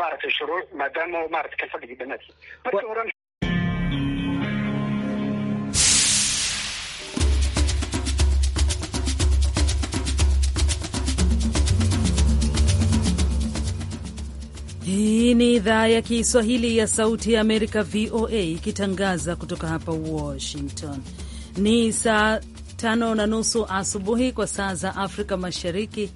maaragtay shuruuc maadaama maaragtay ka fadhigi dhammaadkii marka horan Hii ni idhaa ya Kiswahili ya Sauti ya Amerika, VOA, ikitangaza kutoka hapa Washington. Ni saa tano na nusu asubuhi kwa saa za Afrika Mashariki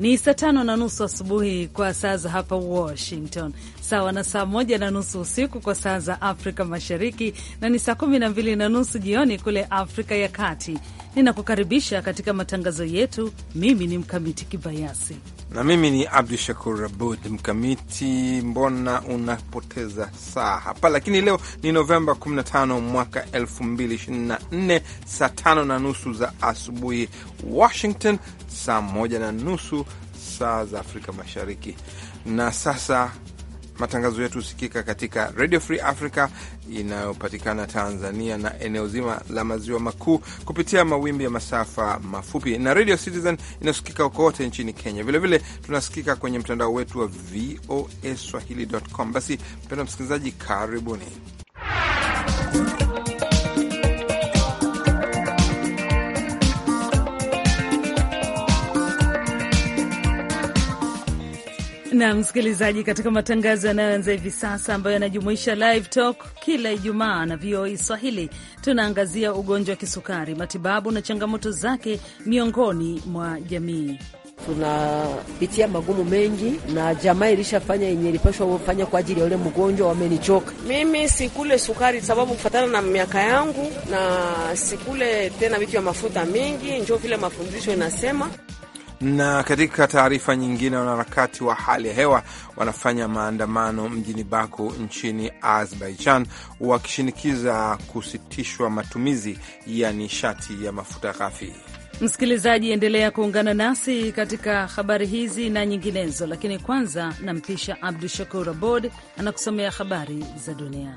ni saa tano na nusu asubuhi kwa saa za hapa Washington, sawa na saa moja na nusu usiku kwa saa za Afrika Mashariki na ni saa kumi na mbili na nusu jioni kule Afrika ya Kati. Ninakukaribisha katika matangazo yetu. Mimi ni Mkamiti Kibayasi na mimi ni Abdu Shakur Abud. Mkamiti, mbona unapoteza saa hapa? Lakini leo ni Novemba 15 mwaka 2024, saa tano na nusu za asubuhi Washington, saa moja na nusu saa za Afrika Mashariki. Na sasa Matangazo yetu husikika katika Radio Free Africa inayopatikana Tanzania na eneo zima la maziwa makuu kupitia mawimbi ya masafa mafupi na Radio Citizen inayosikika kote nchini Kenya. Vilevile vile, tunasikika kwenye mtandao wetu wa Swahili.com. Basi mpendwa msikilizaji, karibuni na msikilizaji, katika matangazo yanayoanza hivi sasa ambayo yanajumuisha live talk kila Ijumaa na VOA e Swahili, tunaangazia ugonjwa wa kisukari, matibabu na changamoto zake miongoni mwa jamii. Tunapitia magumu mengi, na jamaa ilishafanya yenye ilipashwa fanya kwa ajili ya ule mgonjwa. Wamenichoka mimi, sikule sukari sababu kufatana na miaka yangu, na sikule tena vitu vya mafuta mingi, njo vile mafundisho inasema na katika taarifa nyingine, wanaharakati wa hali ya hewa wanafanya maandamano mjini Baku nchini Azerbaijan wakishinikiza kusitishwa matumizi ya nishati ya mafuta ghafi. Msikilizaji, endelea kuungana nasi katika habari hizi na nyinginezo, lakini kwanza nampisha Abdu Shakur Abod anakusomea habari za dunia.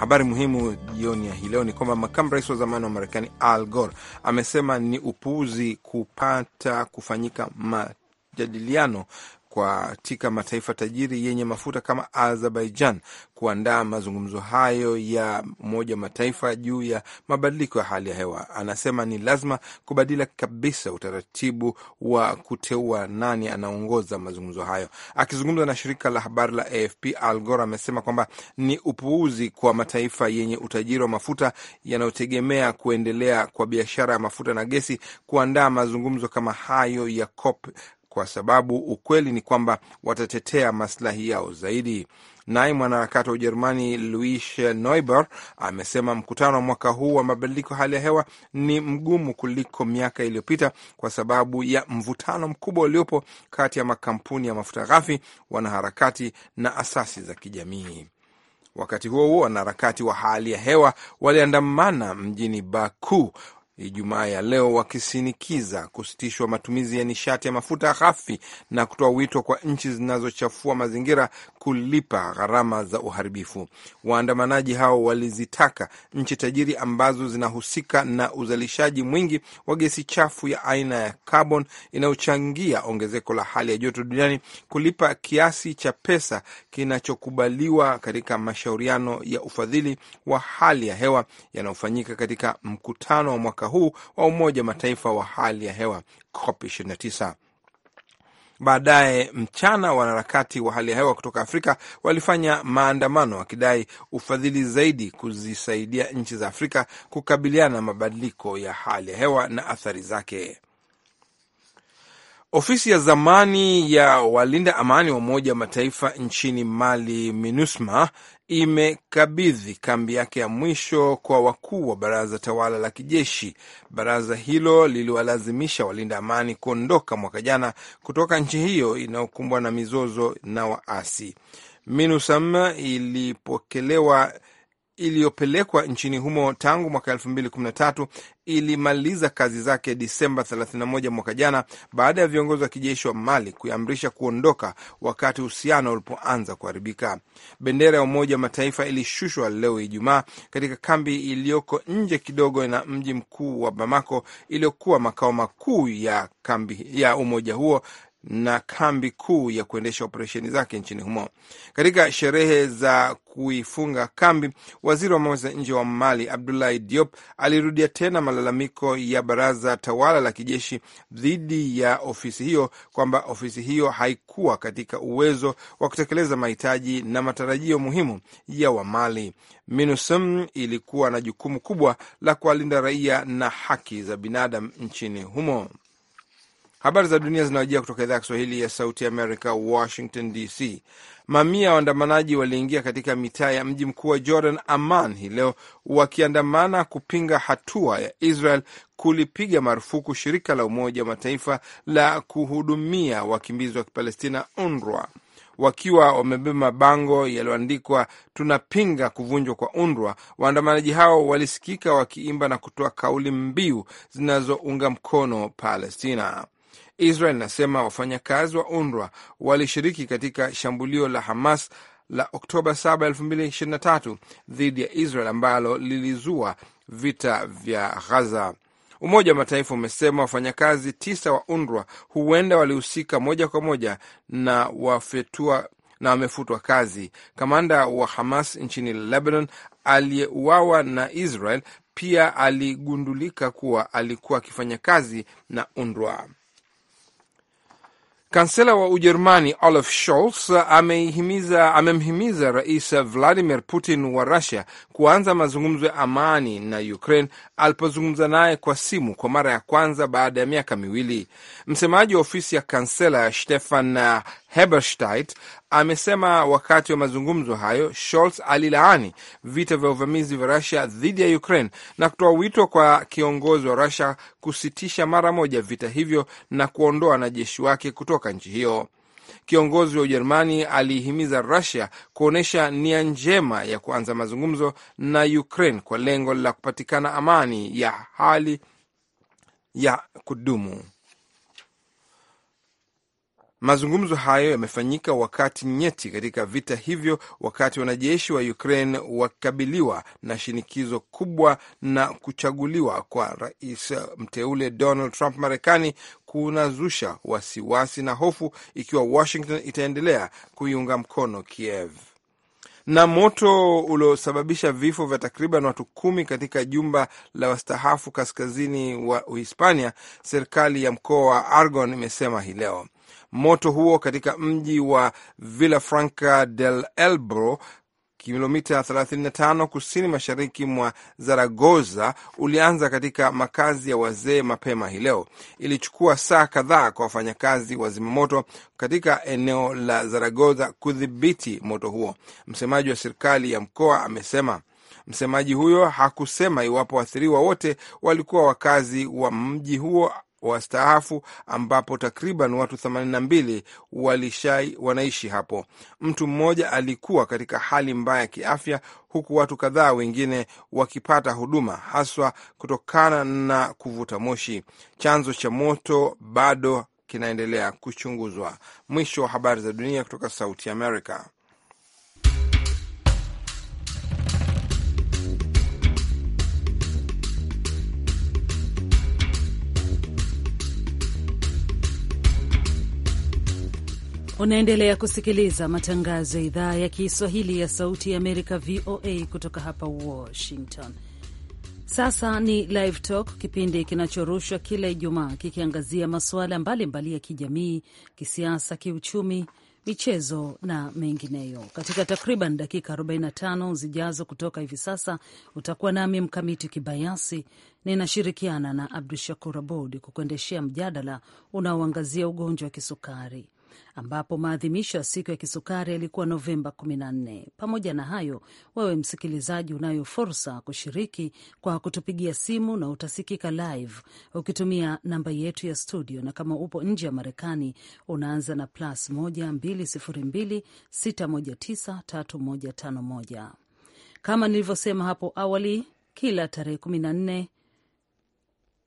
Habari muhimu jioni ya hii leo ni kwamba makamu rais wa zamani wa Marekani Al Gore amesema ni upuuzi kupata kufanyika majadiliano katika mataifa tajiri yenye mafuta kama Azerbaijan kuandaa mazungumzo hayo ya Umoja wa Mataifa juu ya mabadiliko ya hali ya hewa. Anasema ni lazima kubadila kabisa utaratibu wa kuteua nani anaongoza mazungumzo hayo. Akizungumza na shirika la habari la AFP, Al Gore amesema kwamba ni upuuzi kwa mataifa yenye utajiri wa mafuta yanayotegemea kuendelea kwa biashara ya mafuta na gesi kuandaa mazungumzo kama hayo ya COP kwa sababu ukweli ni kwamba watatetea maslahi yao zaidi. Naye mwanaharakati wa Ujerumani Luishe Neuber amesema mkutano wa mwaka huu wa mabadiliko hali ya hewa ni mgumu kuliko miaka iliyopita kwa sababu ya mvutano mkubwa uliopo kati ya makampuni ya mafuta ghafi, wanaharakati na asasi za kijamii. Wakati huo huo, wanaharakati wa hali ya hewa waliandamana mjini Baku Ijumaa ya leo wakisinikiza kusitishwa matumizi ya nishati ya mafuta ghafi na kutoa wito kwa nchi zinazochafua mazingira kulipa gharama za uharibifu. Waandamanaji hao walizitaka nchi tajiri ambazo zinahusika na uzalishaji mwingi wa gesi chafu ya aina ya carbon inayochangia ongezeko la hali ya joto duniani kulipa kiasi cha pesa kinachokubaliwa katika mashauriano ya ufadhili wa hali ya hewa yanayofanyika katika mkutano wa mwaka huu wa Umoja Mataifa wa hali ya hewa COP 29. Baadaye mchana, wanaharakati wa hali ya hewa kutoka Afrika walifanya maandamano wakidai ufadhili zaidi kuzisaidia nchi za Afrika kukabiliana na mabadiliko ya hali ya hewa na athari zake. Ofisi ya zamani ya walinda amani wa Umoja wa Mataifa nchini Mali, MINUSMA, imekabidhi kambi yake ya mwisho kwa wakuu wa baraza tawala la kijeshi. Baraza hilo liliwalazimisha walinda amani kuondoka mwaka jana kutoka nchi hiyo inayokumbwa na mizozo na waasi. MINUSMA ilipokelewa iliyopelekwa nchini humo tangu mwaka 2013 ilimaliza kazi zake Disemba 31 mwaka jana baada ya viongozi wa kijeshi wa Mali kuamrisha kuondoka wakati uhusiano ulipoanza kuharibika. Bendera ya Umoja wa Mataifa ilishushwa leo Ijumaa katika kambi iliyoko nje kidogo na mji mkuu wa Bamako, iliyokuwa makao makuu ya kambi ya umoja huo na kambi kuu ya kuendesha operesheni zake nchini humo. Katika sherehe za kuifunga kambi, waziri wa mambo za nje wa Mali Abdoulaye Diop alirudia tena malalamiko ya baraza tawala la kijeshi dhidi ya ofisi hiyo kwamba ofisi hiyo haikuwa katika uwezo wa kutekeleza mahitaji na matarajio muhimu ya Wamali. MINUSM ilikuwa na jukumu kubwa la kuwalinda raia na haki za binadamu nchini humo. Habari za dunia zinawajia kutoka idhaa ya Kiswahili ya Sauti Amerika, Washington DC. Mamia ya waandamanaji waliingia katika mitaa ya mji mkuu wa Jordan, aman hii leo wakiandamana kupinga hatua ya Israel kulipiga marufuku shirika la Umoja wa Mataifa la kuhudumia wakimbizi wa Kipalestina, UNRWA, wakiwa wamebeba mabango yaliyoandikwa tunapinga kuvunjwa kwa UNRWA. Waandamanaji hao walisikika wakiimba na kutoa kauli mbiu zinazounga mkono Palestina. Israel inasema wafanyakazi wa UNRWA walishiriki katika shambulio la Hamas la Oktoba 7, 2023 dhidi ya Israel ambalo lilizua vita vya Ghaza. Umoja wa Mataifa umesema wafanyakazi tisa wa UNRWA huenda walihusika moja kwa moja na wafetua na wamefutwa kazi. Kamanda wa Hamas nchini Lebanon aliyeuawa na Israel pia aligundulika kuwa alikuwa akifanya kazi na UNRWA. Kansela wa Ujerumani Olaf Scholz amemhimiza ame Rais Vladimir Putin wa Russia kuanza mazungumzo ya amani na Ukraine alipozungumza naye kwa simu kwa mara ya kwanza baada ya miaka miwili. Msemaji wa ofisi ya kansela Stefan Heberstein amesema wakati wa mazungumzo hayo Scholz alilaani vita vya uvamizi vya Rusia dhidi ya Ukraine na kutoa wito kwa kiongozi wa Rusia kusitisha mara moja vita hivyo na kuondoa wanajeshi wake kutoka nchi hiyo kiongozi wa Ujerumani aliihimiza Rusia kuonyesha nia njema ya kuanza mazungumzo na Ukraine kwa lengo la kupatikana amani ya hali ya kudumu. Mazungumzo hayo yamefanyika wakati nyeti katika vita hivyo, wakati wanajeshi wa Ukraine wakikabiliwa na shinikizo kubwa na kuchaguliwa kwa rais mteule Donald Trump Marekani kunazusha wasiwasi na hofu ikiwa Washington itaendelea kuiunga mkono Kiev na moto uliosababisha vifo vya takriban watu kumi katika jumba la wastahafu kaskazini wa Uhispania, serikali ya mkoa wa argon imesema hii leo. Moto huo katika mji wa Villafranca del Elbro kilomita 35 kusini mashariki mwa Zaragoza ulianza katika makazi ya wazee mapema hii leo. Ilichukua saa kadhaa kwa wafanyakazi wa zimamoto katika eneo la Zaragoza kudhibiti moto huo. Msemaji wa serikali ya mkoa amesema. Msemaji huyo hakusema iwapo waathiriwa wote walikuwa wakazi wa mji huo wastaafu ambapo takriban watu 82 walishai wanaishi hapo. Mtu mmoja alikuwa katika hali mbaya ya kiafya, huku watu kadhaa wengine wakipata huduma, haswa kutokana na kuvuta moshi. Chanzo cha moto bado kinaendelea kuchunguzwa. Mwisho wa habari za dunia kutoka Sauti Amerika. Unaendelea kusikiliza matangazo ya idhaa ya Kiswahili ya Sauti ya Amerika, VOA, kutoka hapa Washington. Sasa ni Live Talk, kipindi kinachorushwa kila Ijumaa kikiangazia masuala mbalimbali ya kijamii, kisiasa, kiuchumi, michezo na mengineyo. Katika takriban dakika 45 zijazo kutoka hivi sasa, utakuwa nami Mkamiti Kibayasi, ninashirikiana na Abdu Shakur Abud kukuendeshea mjadala unaoangazia ugonjwa wa kisukari ambapo maadhimisho ya siku ya kisukari yalikuwa Novemba 14. Pamoja na hayo, wewe msikilizaji, unayo fursa kushiriki kwa kutupigia simu na utasikika live ukitumia namba yetu ya studio, na kama upo nje ya Marekani unaanza na plus 12026193151. Kama nilivyosema hapo awali, kila tarehe 14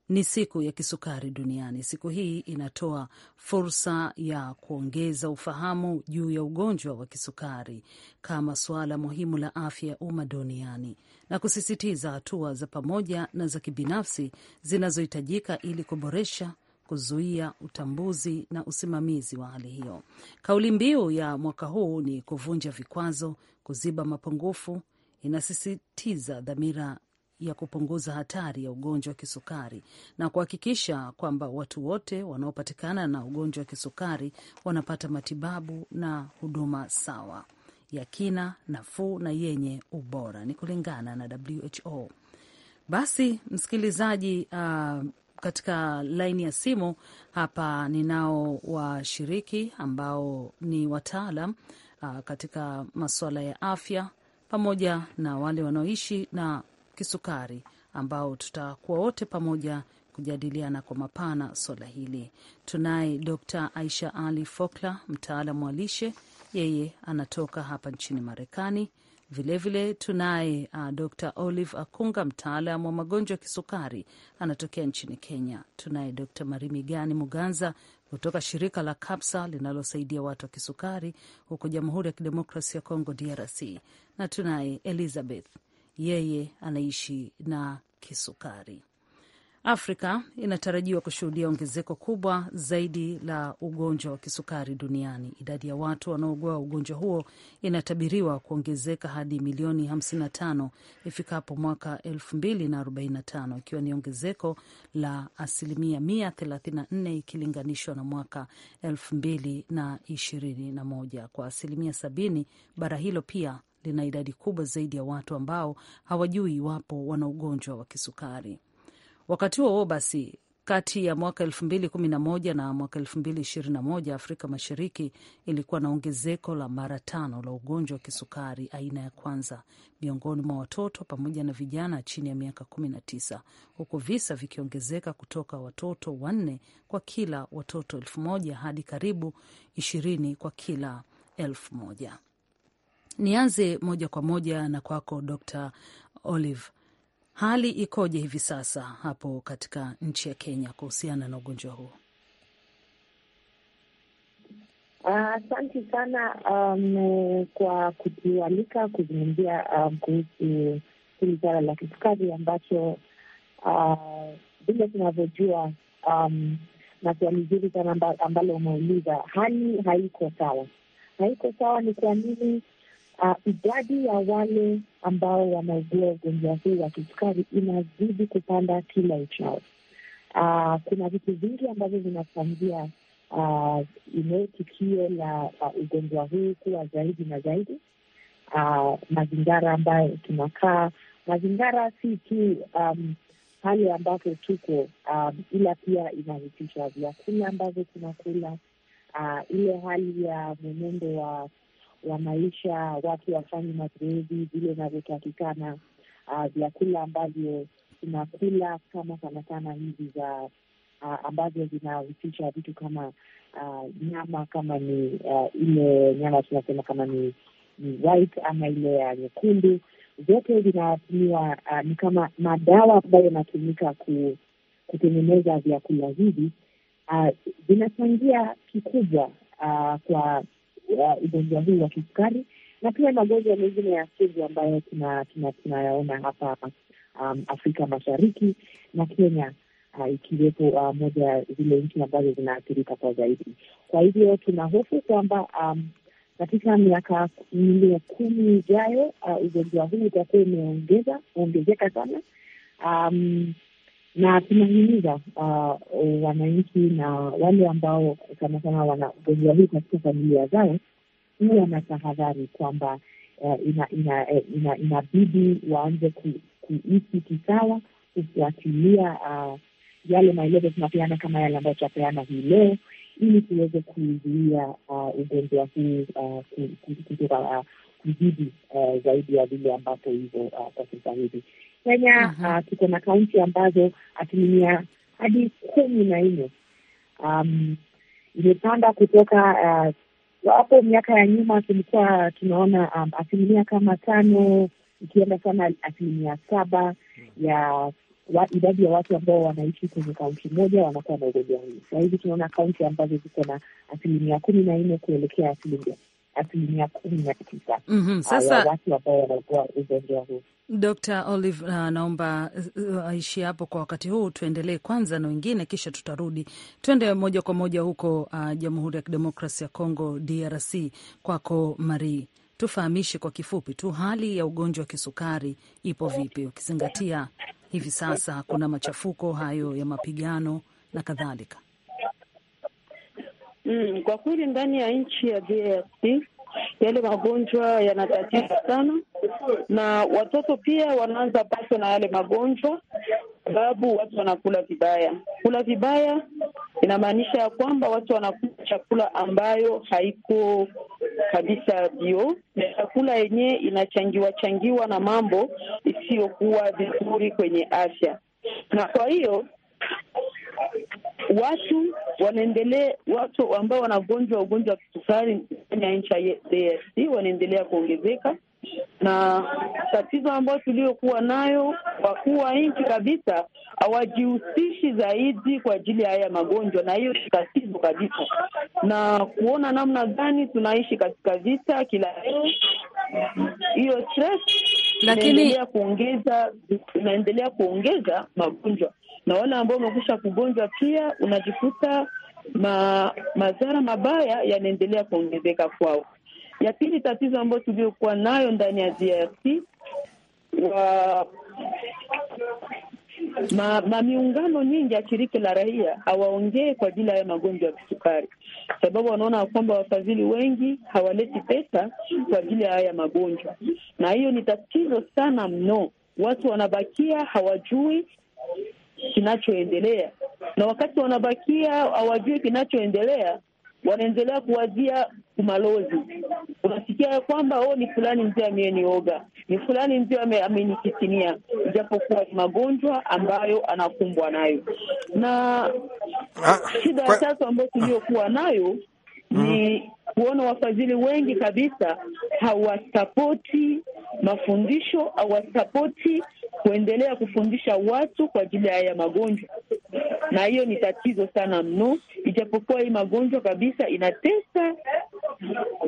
ni siku ya kisukari duniani. Siku hii inatoa fursa ya kuongeza ufahamu juu ya ugonjwa wa kisukari kama suala muhimu la afya ya umma duniani na kusisitiza hatua za pamoja na za kibinafsi zinazohitajika ili kuboresha kuzuia utambuzi na usimamizi wa hali hiyo. Kauli mbiu ya mwaka huu ni kuvunja vikwazo, kuziba mapungufu. Inasisitiza dhamira ya kupunguza hatari ya ugonjwa wa kisukari na kuhakikisha kwamba watu wote wanaopatikana na ugonjwa wa kisukari wanapata matibabu na huduma sawa ya kina, nafuu na yenye ubora, ni kulingana na WHO. Basi msikilizaji, uh, katika laini ya simu hapa ninao washiriki ambao ni wataalam uh, katika masuala ya afya pamoja na wale wanaoishi na kisukari, ambao tutakuwa wote pamoja kujadiliana kwa mapana swala hili. Tunaye Dr. Aisha Ali Fokla, mtaalam wa lishe, yeye anatoka hapa nchini Marekani. Vilevile tunaye uh, Dr. Olive Akunga, mtaalam wa magonjwa ya kisukari, anatokea nchini Kenya. Tunaye Dr. Marimigani Muganza kutoka shirika la Kapsa linalosaidia watu wa kisukari huko Jamhuri ya Kidemokrasi ya Kongo, DRC, na tunaye Elizabeth yeye anaishi na kisukari. Afrika inatarajiwa kushuhudia ongezeko kubwa zaidi la ugonjwa wa kisukari duniani. Idadi ya watu wanaougua ugonjwa huo inatabiriwa kuongezeka hadi milioni 55 ifikapo mwaka 2045 ikiwa ni ongezeko la asilimia 134 ikilinganishwa na mwaka 2021 kwa asilimia 70. Bara hilo pia lina idadi kubwa zaidi ya watu ambao hawajui iwapo wana ugonjwa wa kisukari. Wakati huo huo basi kati ya mwaka 2011 na mwaka 2021 Afrika Mashariki ilikuwa na ongezeko la mara tano la ugonjwa wa kisukari aina ya kwanza miongoni mwa watoto pamoja na vijana chini ya miaka 19, huku visa vikiongezeka kutoka watoto wanne kwa kila watoto elfu moja hadi karibu 20 kwa kila elfu moja. Nianze moja kwa moja na kwako Dr. Olive, hali ikoje hivi sasa hapo katika nchi ya Kenya kuhusiana na ugonjwa huo? Asante uh, sana um, kwa kutualika kuzungumzia um, kuhusu hili suala la kisukari ambacho uh, vile uh, tunavyojua um, na swali zuri sana ambalo umeuliza, hali haiko sawa. Haiko sawa ni kwa nini? uh, idadi ya wale ambao wanaugua ugonjwa huu wa kisukari inazidi kupanda kila uchao. Uh, kuna vitu vingi ambavyo vinachangia uh, ah, ile tukio la uh, ugonjwa huu kuwa zaidi na zaidi. Uh, mazingara ambayo tunakaa, mazingara si tu um, hali ambapo tuko um, ila pia inahusisha vyakula ambavyo tunakula, uh, ile hali ya mwenendo wa wa maisha, watu wafanye mazoezi vile inavyotakikana, ah, vyakula uh, ambavyo tunakula kama sana sana hizi za uh, ah, ambavyo zinahusisha vitu kama uh, nyama kama ni uh, ile nyama tunasema kama ni ni white ama ile ya nyekundu, zote zinatumiwa uh, ni kama madawa ambayo yanatumika kutengeneza vyakula hivi vinachangia uh, kikubwa uh, kwa ugonjwa huu wa kisukari na pia magonjwa mengine ya sugu ambayo tunayaona hapa um, Afrika Mashariki na Kenya uh, ikiwepo uh, moja ya zile nchi ambazo zinaathirika kwa zaidi. Kwa hivyo tuna hofu kwamba um, katika miaka mingine kumi ijayo uh, ugonjwa uh, huu utakuwa umeongeza ongezeka sana um, na tunahimiza uh, wananchi na wale ambao sana sana wana ugonjwa huu katika familia zao huwa na tahadhari kwamba uh, inabidi ina, ina, eh, ina, ina waanze ku, kuishi kisawa, kufuatilia uh, yale maelezo tunapeana kama yale ambayo tunapeana hii leo, ili tuweze kuzuia uh, ugonjwa huu uh, kutoka uh, kuzidi uh, zaidi ya vile ambapo hivyo uh, kwa sasa hivi. Kenya uh mm-hmm. -huh. uh, tuko na kaunti ambazo asilimia hadi kumi na nne um, imepanda kutoka uh, hapo uh, miaka ya nyuma tulikuwa tunaona um, asilimia kama tano ikienda sana asilimia saba ya wa, idadi ya watu ambao wanaishi kwenye kaunti moja wanakuwa na ugonjwa huu. Sahizi tunaona kaunti ambazo ziko na asilimia kumi na nne kuelekea asilimia asilimia kumi na tisa mhm, ya watu ambao wanaugua ugonjwa huu. Dr. Olive, uh, naomba uh, uh, aishie uh, hapo kwa wakati huu. Tuendelee kwanza na wengine, kisha tutarudi tuende moja kwa moja huko uh, Jamhuri ya Kidemokrasi ya congo DRC. Kwako Marie, tufahamishe kwa kifupi tu hali ya ugonjwa wa kisukari ipo vipi, ukizingatia hivi sasa kuna machafuko hayo ya mapigano na kadhalika. Mm, kwa kweli ndani ya nchi ya DRC yale magonjwa yanatatiza sana, na watoto pia wanaanza paswa na yale magonjwa, sababu watu wanakula vibaya. Kula vibaya inamaanisha ya kwamba watu wanakula chakula ambayo haiko kabisa bio, chakula yenyewe inachangiwa changiwa na mambo isiyokuwa vizuri kwenye afya, na kwa hiyo watu wanaendelea, watu ambao wanagonjwa ugonjwa wa kisukari ndani ya nchi ya DRC wanaendelea kuongezeka, na tatizo ambayo tuliyokuwa nayo, kwa kuwa nchi kabisa hawajihusishi zaidi kwa ajili ya haya magonjwa, na hiyo ni tatizo kabisa, na kuona namna gani tunaishi katika vita kila leo, hiyo stress lakini inaendelea kuongeza, inaendelea kuongeza magonjwa na wale ambao wamekusha kugonjwa pia unajikuta ma, madhara mabaya yanaendelea kuongezeka kwao. Ya pili, tatizo ambayo tuliokuwa nayo ndani ya DRC wa ma, ma miungano nyingi ya shirika la raia hawaongee kwa ajili ya haya magonjwa ya kisukari, sababu wanaona kwamba wafadhili wengi hawaleti pesa kwa ajili ya haya magonjwa, na hiyo ni tatizo sana mno. Watu wanabakia hawajui kinachoendelea, na wakati wanabakia hawajui kinachoendelea, wanaendelea kuwazia umalozi Unasikia ya kwamba oh, ni fulani ndio ameenioga ni fulani ndio amenikitinia, ijapokuwa ni magonjwa ambayo anakumbwa nayo na ah, shida ya tatu ambayo tuliyokuwa nayo mm-hmm. ni kuona wafadhili wengi kabisa hawasapoti mafundisho, hawasapoti kuendelea kufundisha watu kwa ajili ya haya magonjwa, na hiyo ni tatizo sana mno, ijapokuwa hii magonjwa kabisa inatesa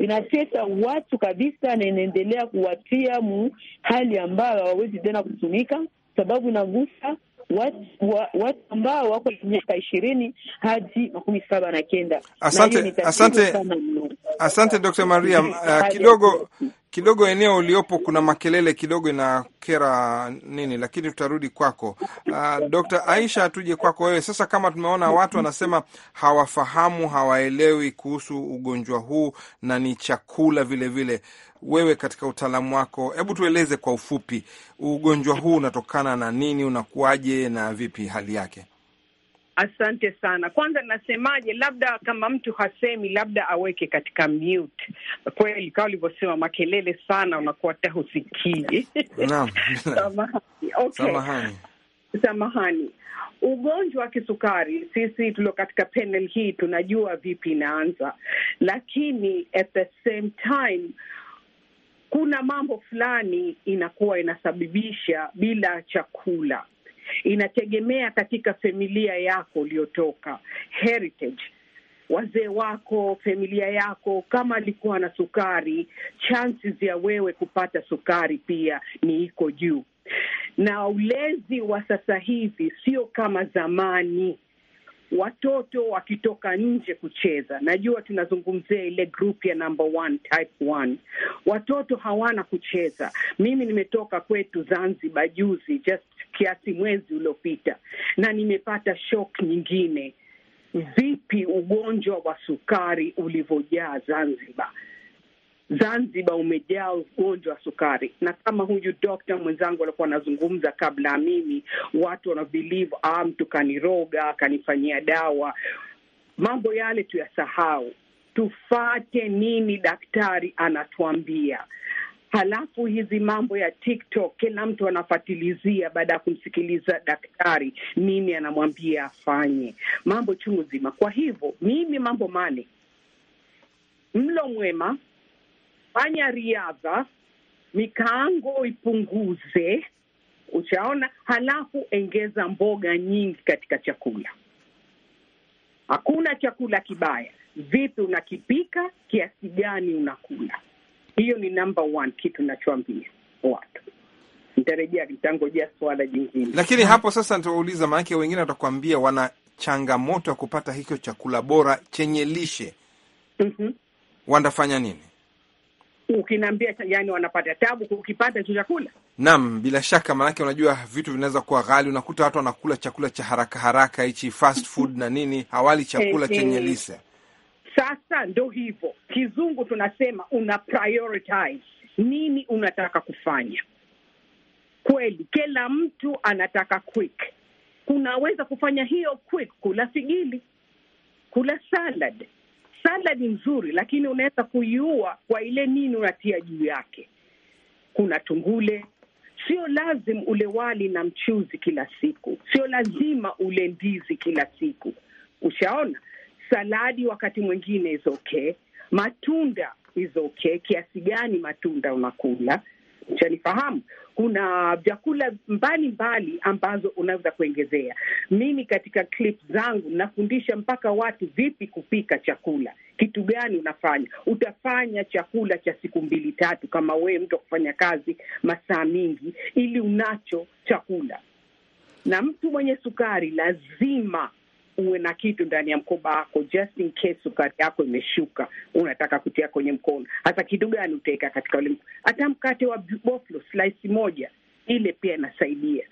inatesa watu kabisa, na inaendelea kuwatia mu hali ambayo hawawezi tena kutumika, sababu inagusa watu wa, ambao wako miaka ishirini hadi makumi saba na kenda. Asante, asante, asante Dr. Maria Uh, kidogo kidogo eneo uliopo kuna makelele kidogo inakera nini, lakini tutarudi kwako. Uh, ah, Dr. Aisha, tuje kwako wewe sasa. Kama tumeona watu wanasema hawafahamu, hawaelewi kuhusu ugonjwa huu na ni chakula vilevile vile. Wewe katika utaalamu wako, hebu tueleze kwa ufupi ugonjwa huu unatokana na nini, unakuwaje na vipi hali yake? Asante sana. Kwanza nasemaje, labda kama mtu hasemi, labda aweke katika mute. Kweli kama ulivyosema, makelele sana unakuwa hata husikii. Samahani. Okay. Samahani. Ugonjwa wa kisukari, sisi tulio katika panel hii tunajua vipi inaanza, lakini at the same time kuna mambo fulani inakuwa inasababisha bila chakula Inategemea katika familia yako uliyotoka heritage wazee wako, familia yako, kama alikuwa na sukari, chances ya wewe kupata sukari pia ni iko juu. Na ulezi wa sasa hivi sio kama zamani. Watoto wakitoka nje kucheza, najua tunazungumzia ile group ya number one, type one. Watoto hawana kucheza. Mimi nimetoka kwetu Zanzibar juzi, just kiasi mwezi uliopita, na nimepata shok nyingine, vipi ugonjwa wa sukari ulivyojaa Zanzibar. Zanzibar umejaa ugonjwa wa sukari, na kama huyu dokta mwenzangu alikuwa anazungumza kabla ya mimi, watu wanabelieve ah, mtu kaniroga, kanifanyia dawa. Mambo yale tuyasahau, tufate nini daktari anatuambia. Halafu hizi mambo ya TikTok kila mtu anafatilizia baada ya kumsikiliza daktari nini anamwambia afanye, mambo chungu zima. Kwa hivyo mimi mambo mane: mlo mwema, fanya riadha, mikaango ipunguze, ushaona. Halafu engeza mboga nyingi katika chakula. Hakuna chakula kibaya, vipi unakipika, kiasi gani unakula. Hiyo ni number one kitu nachoambia watu. Nitarejea, nitangojea swala jingine, lakini hapo sasa nitawauliza, maanake wengine watakuambia wana changamoto ya kupata hicho chakula bora chenye lishe. mm -hmm. Wanafanya nini? Ukiniambia yani, wanapata tabu kukipata hicho chakula. Naam, bila shaka, maanake unajua vitu vinaweza kuwa ghali. Unakuta watu wanakula chakula cha haraka haraka hichi fast food na nini, hawali chakula eh, eh. chenye lishe. Sasa ndo hivyo, kizungu tunasema una prioritize nini unataka kufanya. Kweli kila mtu anataka quick, kunaweza kufanya hiyo quick, kula figili, kula salad. Salad nzuri, lakini unaweza kuiua kwa ile nini unatia juu yake. Kuna tungule Sio lazima ule wali na mchuzi kila siku, sio lazima ule ndizi kila siku. Ushaona? saladi wakati mwingine is okay, matunda is okay. Kiasi gani matunda unakula chanifahamu kuna vyakula mbalimbali ambazo unaweza kuengezea Mimi katika clip zangu nafundisha mpaka watu vipi kupika chakula, kitu gani unafanya. Utafanya chakula cha siku mbili tatu, kama wewe mtu wa kufanya kazi masaa mingi, ili unacho chakula. Na mtu mwenye sukari lazima uwe na kitu ndani ya mkoba wako, just in case sukari yako imeshuka, unataka kutia kwenye mkono. Hasa kitu gani utaweka katika ule? Hata mkate wa boflo slice moja, ile pia inasaidia.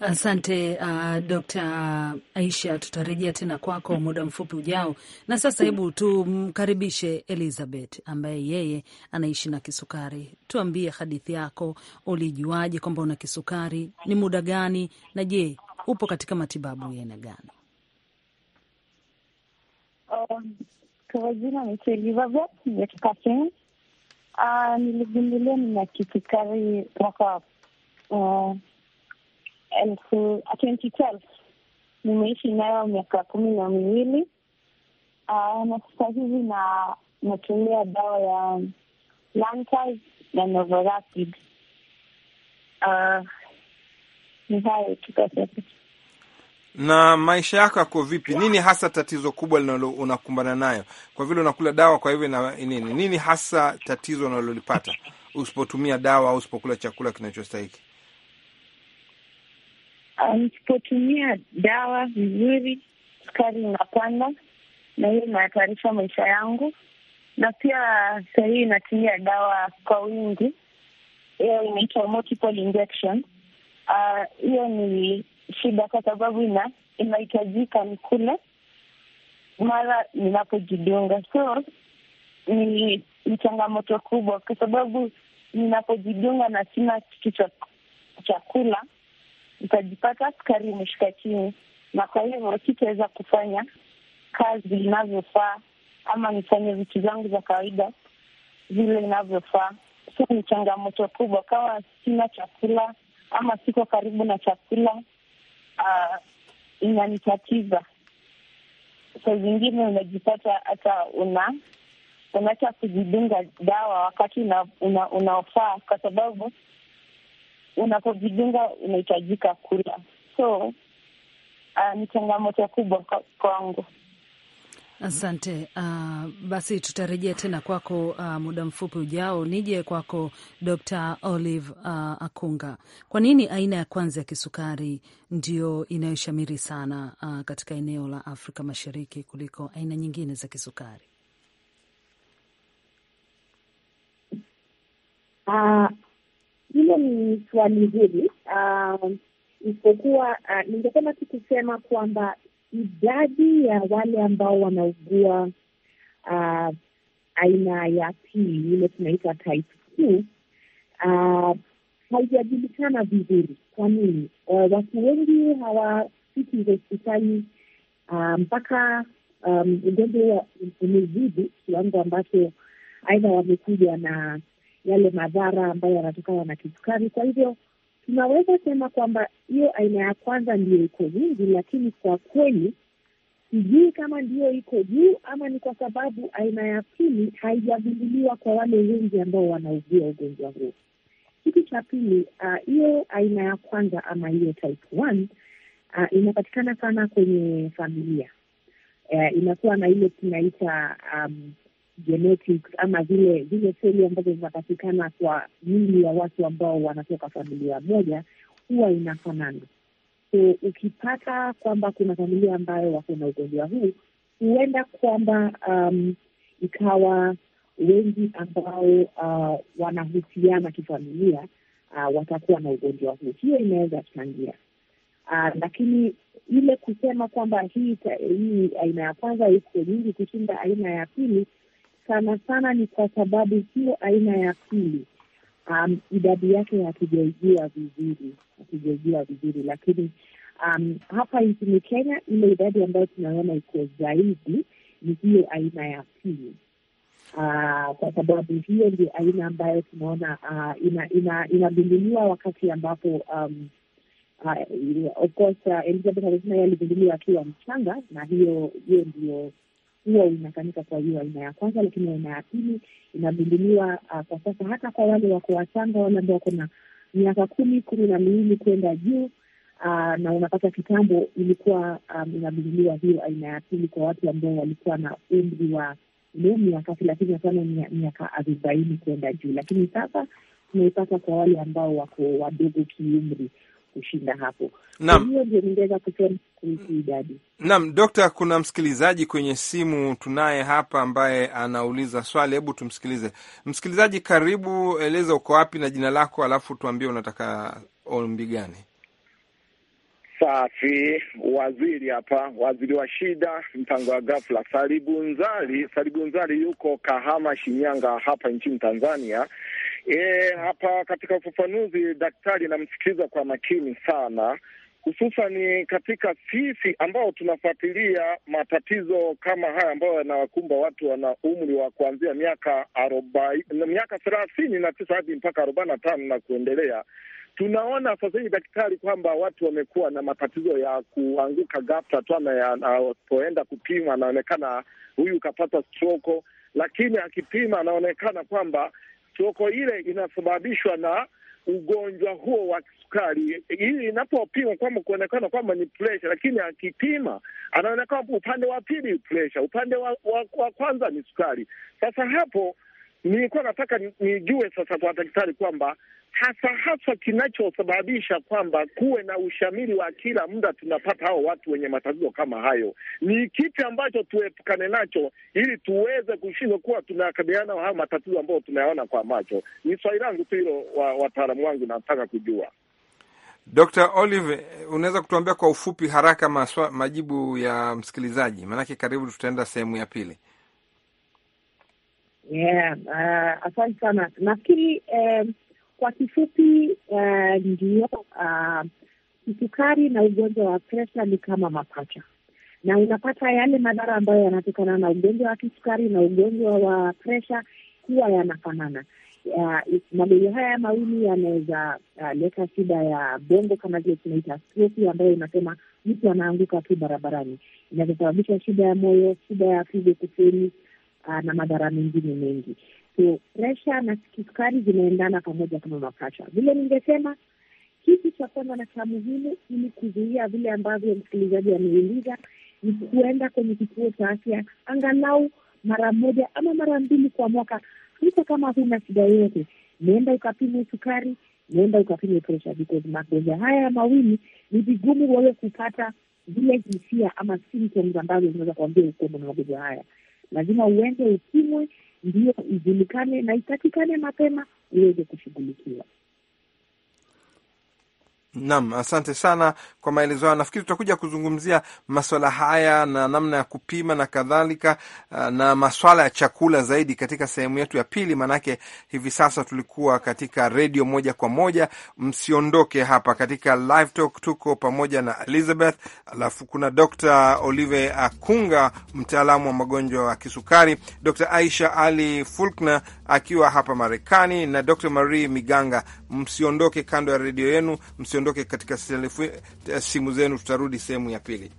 Asante uh, Dr. Aisha, tutarejea tena kwako muda mfupi ujao. Na sasa hebu tumkaribishe Elizabeth ambaye yeye anaishi na kisukari. Tuambie hadithi yako, ulijuaje kwamba una kisukari? Ni muda gani? Na je, upo katika matibabu ya aina gani? kwa jina ni Elizabeth Yetkasin. Ah, niligundulia nina kisukari mwaka ah, elfu twenty twelve. Nimeishi nayo miaka kumi na miwili ah, na sasa hivi na natumia dawa ya Lantus na Novorapid. Ni hayo tu na maisha yako yako vipi? Nini hasa tatizo kubwa linalo unakumbana nayo, kwa vile unakula dawa? Kwa hivyo na nini, nini hasa tatizo unalolipata usipotumia dawa au usipokula chakula kinachostahiki? Ah, nisipotumia um, dawa vizuri, sukari inapanda, na hiyo inahatarisha maisha yangu, na pia sahii inatumia dawa kwa wingi, hiyo inaitwa multiple injection. Ah, hiyo uh, ni shida, kwa sababu ina inahitajika nikule mara ninapojidunga. So ni ni changamoto kubwa, kwa sababu ninapojidunga na sina kitu cha chakula, nitajipata sukari imeshika chini, na kwa hivyo sitaweza kufanya kazi inavyofaa ama nifanye vitu zangu za kawaida vile inavyofaa. So ni changamoto kubwa, kama sina chakula ama siko karibu na chakula uh, inanitatiza saa zingine unajipata hata una unaacha kujidunga dawa wakati unaofaa una, una kwa sababu unapojidunga unahitajika kula. So uh, ni changamoto kubwa kwangu. Asante. Uh, basi tutarejea tena kwako uh, muda mfupi ujao. Nije kwako Dr. Olive uh, Akunga, kwa nini aina ya kwanza ya kisukari ndio inayoshamiri sana uh, katika eneo la Afrika Mashariki kuliko aina nyingine za kisukari? Hilo uh, ni swali zuri uh, isipokuwa uh, ningependa tu kusema kwamba idadi ya wale ambao wanaugua uh, aina ya pili ile tunaita type two uh, haijajulikana vizuri kwa nini. Uh, watu wengi hawafiki hospitali uh, mpaka um, ugonjwa um, umezidi kiwango ambacho aidha wamekuja na yale madhara ambayo yanatokana na kisukari. Kwa hivyo tunaweza sema kwamba hiyo aina ya kwanza ndio iko nyingi, lakini kwa kweli sijui kama ndiyo iko juu ama ni kwa sababu aina ya pili haijagunduliwa kwa wale wengi ambao wanaugua ugonjwa huo. Kitu cha pili, ah, hiyo uh, aina ya kwanza ama hiyo type one uh, inapatikana sana kwenye familia uh, inakuwa na ile tunaita um, genetics ama zile zile seli ambazo zinapatikana kwa mili ya watu ambao wanatoka familia moja huwa inafanana. So ukipata kwamba kuna familia ambayo wako na ugonjwa huu, huenda kwamba um, ikawa wengi ambao uh, wanahusiana kifamilia uh, watakuwa na ugonjwa huu. Hiyo inaweza changia uh, lakini ile kusema kwamba hii hii aina ya kwanza iko nyingi kushinda aina ya pili sana sana ni kwa sababu hiyo aina ya pili um, idadi yake hatujaijiwa vizuri, hatujaijiwa vizuri lakini um, hapa nchini Kenya ile idadi ambayo tunaona iko zaidi ni hiyo aina ya pili. Uh, kwa sababu hiyo ndio aina ambayo tunaona uh, ina inagunduliwa ina wakati ambapo um, uh, of course uh, Elizabeth alisema yeye aligunduliwa akiwa mchanga, na hiyo hiyo ndio huwa inafanyika kwa hiyo aina ya kwanza, lakini aina ya pili inagunduliwa uh, kwa sasa hata kwa wale wako wachanga, wale ambao wako na miaka kumi kumi na miwili kwenda juu uh, na unapata kitambo ilikuwa um, inagunduliwa hiyo aina ya pili kwa watu ambao walikuwa na umri wa ile miaka thelathini na tano miaka arobaini kwenda juu, lakini sasa tunaipata kwa wale ambao wako wadogo kiumri kushinda hapo. hiyo ndio ningeweza kusema kuhusu idadi. Naam, Dokta, kuna msikilizaji kwenye simu tunaye hapa ambaye anauliza swali, hebu tumsikilize. Msikilizaji, karibu, eleza uko wapi na jina lako, alafu tuambie unataka ombi gani. Safi, waziri hapa, waziri wa shida, mpango wa ghafla. Salibunzali, Salibunzali yuko Kahama, Shinyanga hapa nchini Tanzania. E, hapa katika ufafanuzi daktari namsikiliza kwa makini sana, hususan katika sisi ambao tunafuatilia matatizo kama haya ambayo yanawakumba watu wana umri wa kuanzia miaka arobaini, miaka thelathini na tisa hadi mpaka arobaini na tano na kuendelea. Tunaona sasa hivi daktari, kwamba watu wamekuwa na matatizo ya kuanguka ghafla tu, anapoenda kupima anaonekana huyu kapata stroko, lakini akipima anaonekana kwamba Kiwoko ile inasababishwa na ugonjwa huo wa kisukari. Hii inapopimwa kwamba kuonekana kwamba ni presha, lakini akipima anaonekana upande wa pili presha, upande wa, wa, wa kwanza ni sukari. Sasa hapo nilikuwa nataka nijue sasa kwa daktari kwamba hasa hasa kinachosababisha kwamba kuwe na ushamiri wa kila muda tunapata hao watu wenye matatizo kama hayo, ni kipi ambacho tuepukane nacho ili tuweze kushindwa kuwa tunakabiliana na hayo matatizo ambayo tunayaona kwa macho? Ni swali langu tu hilo, wataalamu wangu nataka kujua. Dr. Olive, unaweza kutuambia kwa ufupi haraka maswa, majibu ya msikilizaji, maanake karibu tutaenda sehemu ya pili. Yeah, uh, asante sana. Nafikiri eh, kwa kifupi eh, ndio uh, kisukari uh, na ugonjwa wa presha ni kama mapacha, na unapata yale madhara ambayo yanatokana na ugonjwa wa kisukari na ugonjwa wa presha huwa yanafanana. Uh, magonjwa haya mawili yanaweza uh, leta shida ya bongo kama vile tunaita stroke, ambayo inasema mtu anaanguka tu barabarani. Inaweza sababisha shida ya moyo, shida ya figo kufeli uh, na madhara mengine mengi. So presha na kisukari zinaendana pamoja kama mapacha vile. Ningesema kitu cha kwanza na cha muhimu, ili kuzuia vile ambavyo msikilizaji ameuliza, ni kuenda kwenye kituo cha afya angalau mara moja ama mara mbili kwa mwaka. Hata kama huna shida yoyote, naenda ukapima sukari, naenda ukapimwe presha, because magonjwa haya mawili ni vigumu wewe kupata zile hisia ama symptoms ambazo zinaweza kuambia uko na magonjwa haya lazima uende upimwe, ndio ijulikane na ipatikane mapema, uweze kushughulikiwa. Nam, asante sana kwa maelezo hayo. Nafikiri tutakuja kuzungumzia maswala haya na namna ya kupima na kadhalika, uh, na maswala ya chakula zaidi katika sehemu yetu ya pili, maanake hivi sasa tulikuwa katika redio moja kwa moja. Msiondoke hapa katika live talk, tuko pamoja na Elizabeth, alafu kuna Dr. Olive Akunga, mtaalamu wa magonjwa ya kisukari, Dr. Aisha Ali Fulkner akiwa hapa Marekani na Dr. Marie Miganga. Msiondoke kando ya redio yenu, msiondoke msiondoke katika eh, simu zenu, tutarudi sehemu ya pili.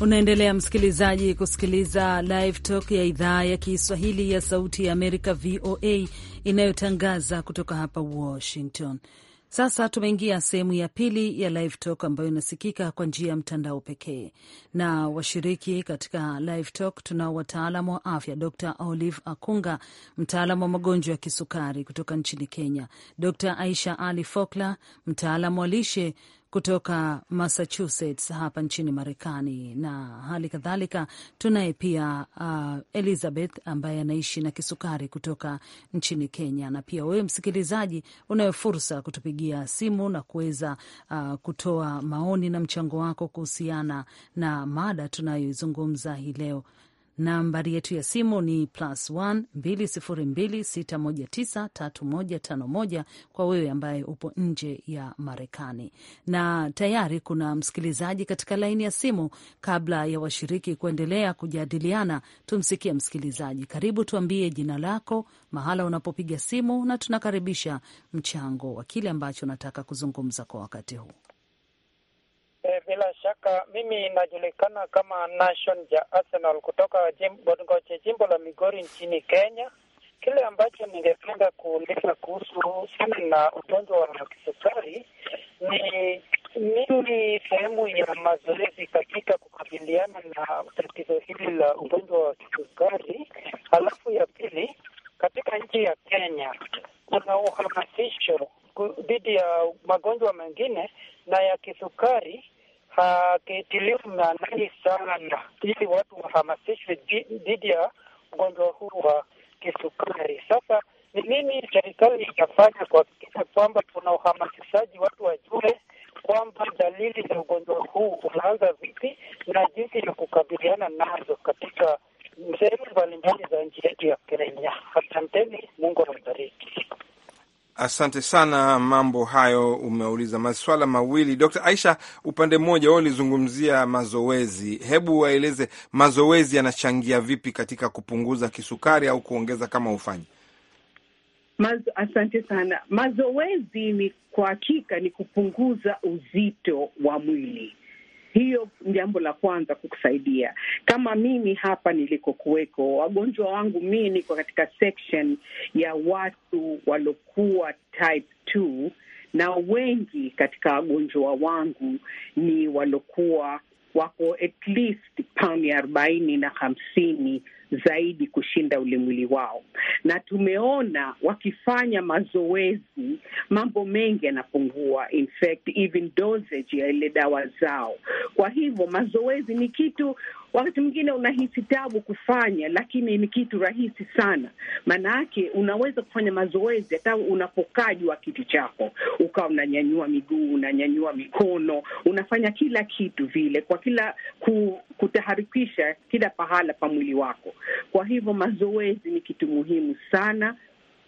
Unaendelea msikilizaji kusikiliza Live Talk ya idhaa ya Kiswahili ya Sauti ya Amerika, VOA, inayotangaza kutoka hapa Washington. Sasa tumeingia sehemu ya pili ya Live Talk ambayo inasikika kwa njia ya mtandao pekee, na washiriki katika Live Talk tunao wataalamu wa afya, Dr Olive Akunga, mtaalamu wa magonjwa ya kisukari kutoka nchini Kenya, Dr Aisha Ali Fokla, mtaalam wa lishe kutoka Massachusetts hapa nchini Marekani, na hali kadhalika tunaye pia uh, Elizabeth ambaye anaishi na kisukari kutoka nchini Kenya. Na pia wewe msikilizaji, unayo fursa kutupigia simu na kuweza uh, kutoa maoni na mchango wako kuhusiana na mada tunayoizungumza hii leo. Nambari yetu ya simu ni plus 1 kwa wewe ambaye upo nje ya Marekani. Na tayari kuna msikilizaji katika laini ya simu. Kabla ya washiriki kuendelea kujadiliana, tumsikie msikilizaji. Karibu, tuambie jina lako, mahala unapopiga simu, na tunakaribisha mchango wa kile ambacho unataka kuzungumza kwa wakati huu bila shaka mimi najulikana kama Nation ya Arsenal kutoka Godgoche, jimbo la Migori nchini Kenya. Kile ambacho ningependa kuuliza kuhusu sana na ugonjwa wa kisukari ni mimi, sehemu ya mazoezi katika kukabiliana na tatizo hili la ugonjwa wa kisukari. Halafu ya pili, katika nchi ya Kenya kuna uhamasisho dhidi ya magonjwa mengine na ya kisukari kielimu na nani sana, ili watu wahamasishwe dhidi ya ugonjwa huu wa kisukari. Sasa ni nini serikali e itafanya kuhakikisha kwamba kuna uhamasishaji, watu wajue kwamba dalili za ugonjwa huu unaanza vipi na jinsi ya kukabiliana nazo katika sehemu mbalimbali za nchi yetu ya Kenya. Asanteni, Mungu awabariki. Asante sana, mambo hayo umeuliza maswala mawili. Dr Aisha, upande mmoja wao ulizungumzia mazoezi, hebu waeleze mazoezi yanachangia vipi katika kupunguza kisukari au kuongeza kama ufanyi Mazo, asante sana. Mazoezi ni kwa hakika ni kupunguza uzito wa mwili hiyo jambo la kwanza kukusaidia. Kama mimi hapa nilikokuweko, wagonjwa wangu, mi niko katika section ya watu waliokuwa type 2 na wengi katika wagonjwa wangu ni waliokuwa wako at least pauni arobaini na hamsini zaidi kushinda ulimwili wao, na tumeona wakifanya mazoezi mambo mengi yanapungua, in fact even dosage ya ile dawa zao. Kwa hivyo mazoezi ni kitu Wakati mwingine unahisi tabu kufanya, lakini ni kitu rahisi sana, maanayake unaweza kufanya mazoezi hata unapokaa juu ya kiti chako, ukawa unanyanyua miguu, unanyanyua mikono, unafanya kila kitu vile kwa kila ku, kutaharikisha kila pahala pa mwili wako. Kwa hivyo mazoezi ni kitu muhimu sana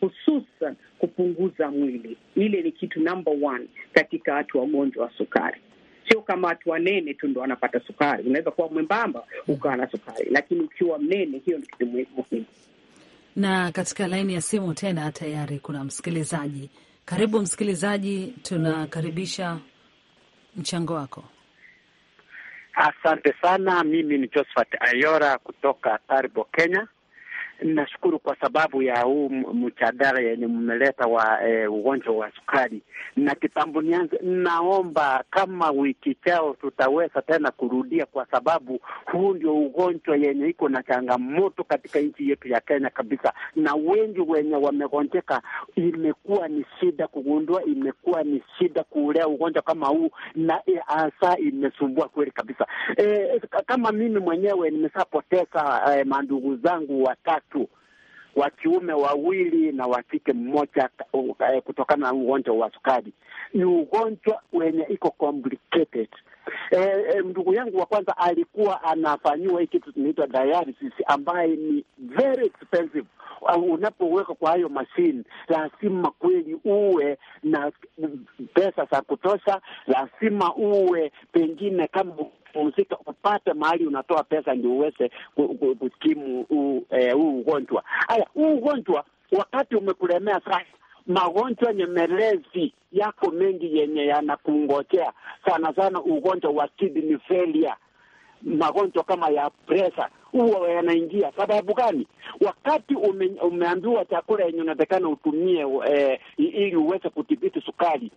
hususan kupunguza mwili. Ile ni kitu namba one katika watu wagonjwa wa sukari. Sio kama watu wanene tu ndo wanapata sukari. Unaweza kuwa mwembamba ukawa na sukari, lakini ukiwa mnene, hiyo ni kitu muhimu. Na katika laini ya simu tena tayari kuna msikilizaji. Karibu msikilizaji, tunakaribisha mchango wako. Asante sana. Mimi ni Josephat Ayora kutoka Taribo, Kenya. Nashukuru kwa sababu ya huu mchadara yenye mmeleta wa e, ugonjwa wa sukari na kitambo. Nianze, naomba kama wiki chao tutaweza tena kurudia, kwa sababu huu ndio ugonjwa yenye iko na changamoto katika nchi yetu ya Kenya kabisa, na wengi wenye wamegonjeka imekuwa ni shida kugundua, imekuwa ni shida kuulea ugonjwa kama huu, na eh, hasa imesumbua kweli kabisa. E, kama mimi mwenyewe nimeshapoteza e, mandugu zangu watatu tu, wa kiume wawili na wa kike mmoja, eh, kutokana na ugonjwa wa sukari. Ni ugonjwa wenye iko complicated. E, e, ndugu yangu wa kwanza alikuwa anafanyiwa hii kitu tunaitwa dialysis ambaye ni very expensive. Unapoweka kwa hayo mashine, lazima kweli uwe na pesa za kutosha, lazima uwe pengine kama kupumzika, upate mahali unatoa pesa ndio uweze kutimu e, huu ugonjwa. Haya, huu ugonjwa wakati umekulemea sasa magonjwa nyemelezi yako mengi yenye yanakungojea sana sana, ugonjwa wa kidney failure, magonjwa kama ya presa, huwa yanaingia. Sababu gani? Wakati ume, umeambiwa chakula yenye unatakana utumie eh, ili uweze kudhibiti sukari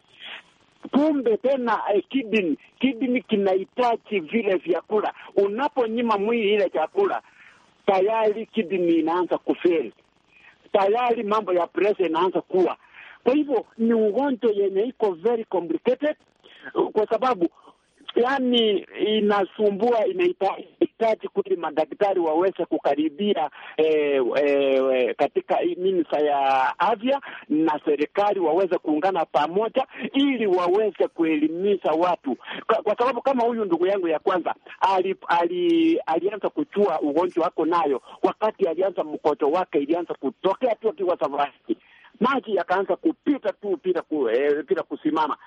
Kumbe tena kidini eh, kidini kinahitaji vile vyakula. Unaponyima mwili ile chakula, tayari kidini inaanza kufeli, tayari mambo ya presha inaanza kuwa. Kwa hivyo ni ugonjwa yenye iko very complicated, kwa sababu yani inasumbua, inahitaji kweli madaktari waweze kukaribia eh, eh, katika minisa ya afya na serikali waweze kuungana pamoja, ili waweze kuelimisha watu kwa, kwa sababu kama huyu ndugu yangu ya kwanza ali, ali, alianza kuchua ugonjwa wako nayo wakati alianza mkojo wake ilianza kutokea tu akiwa safari, maji yakaanza kupita tu bila ku, eh, kusimama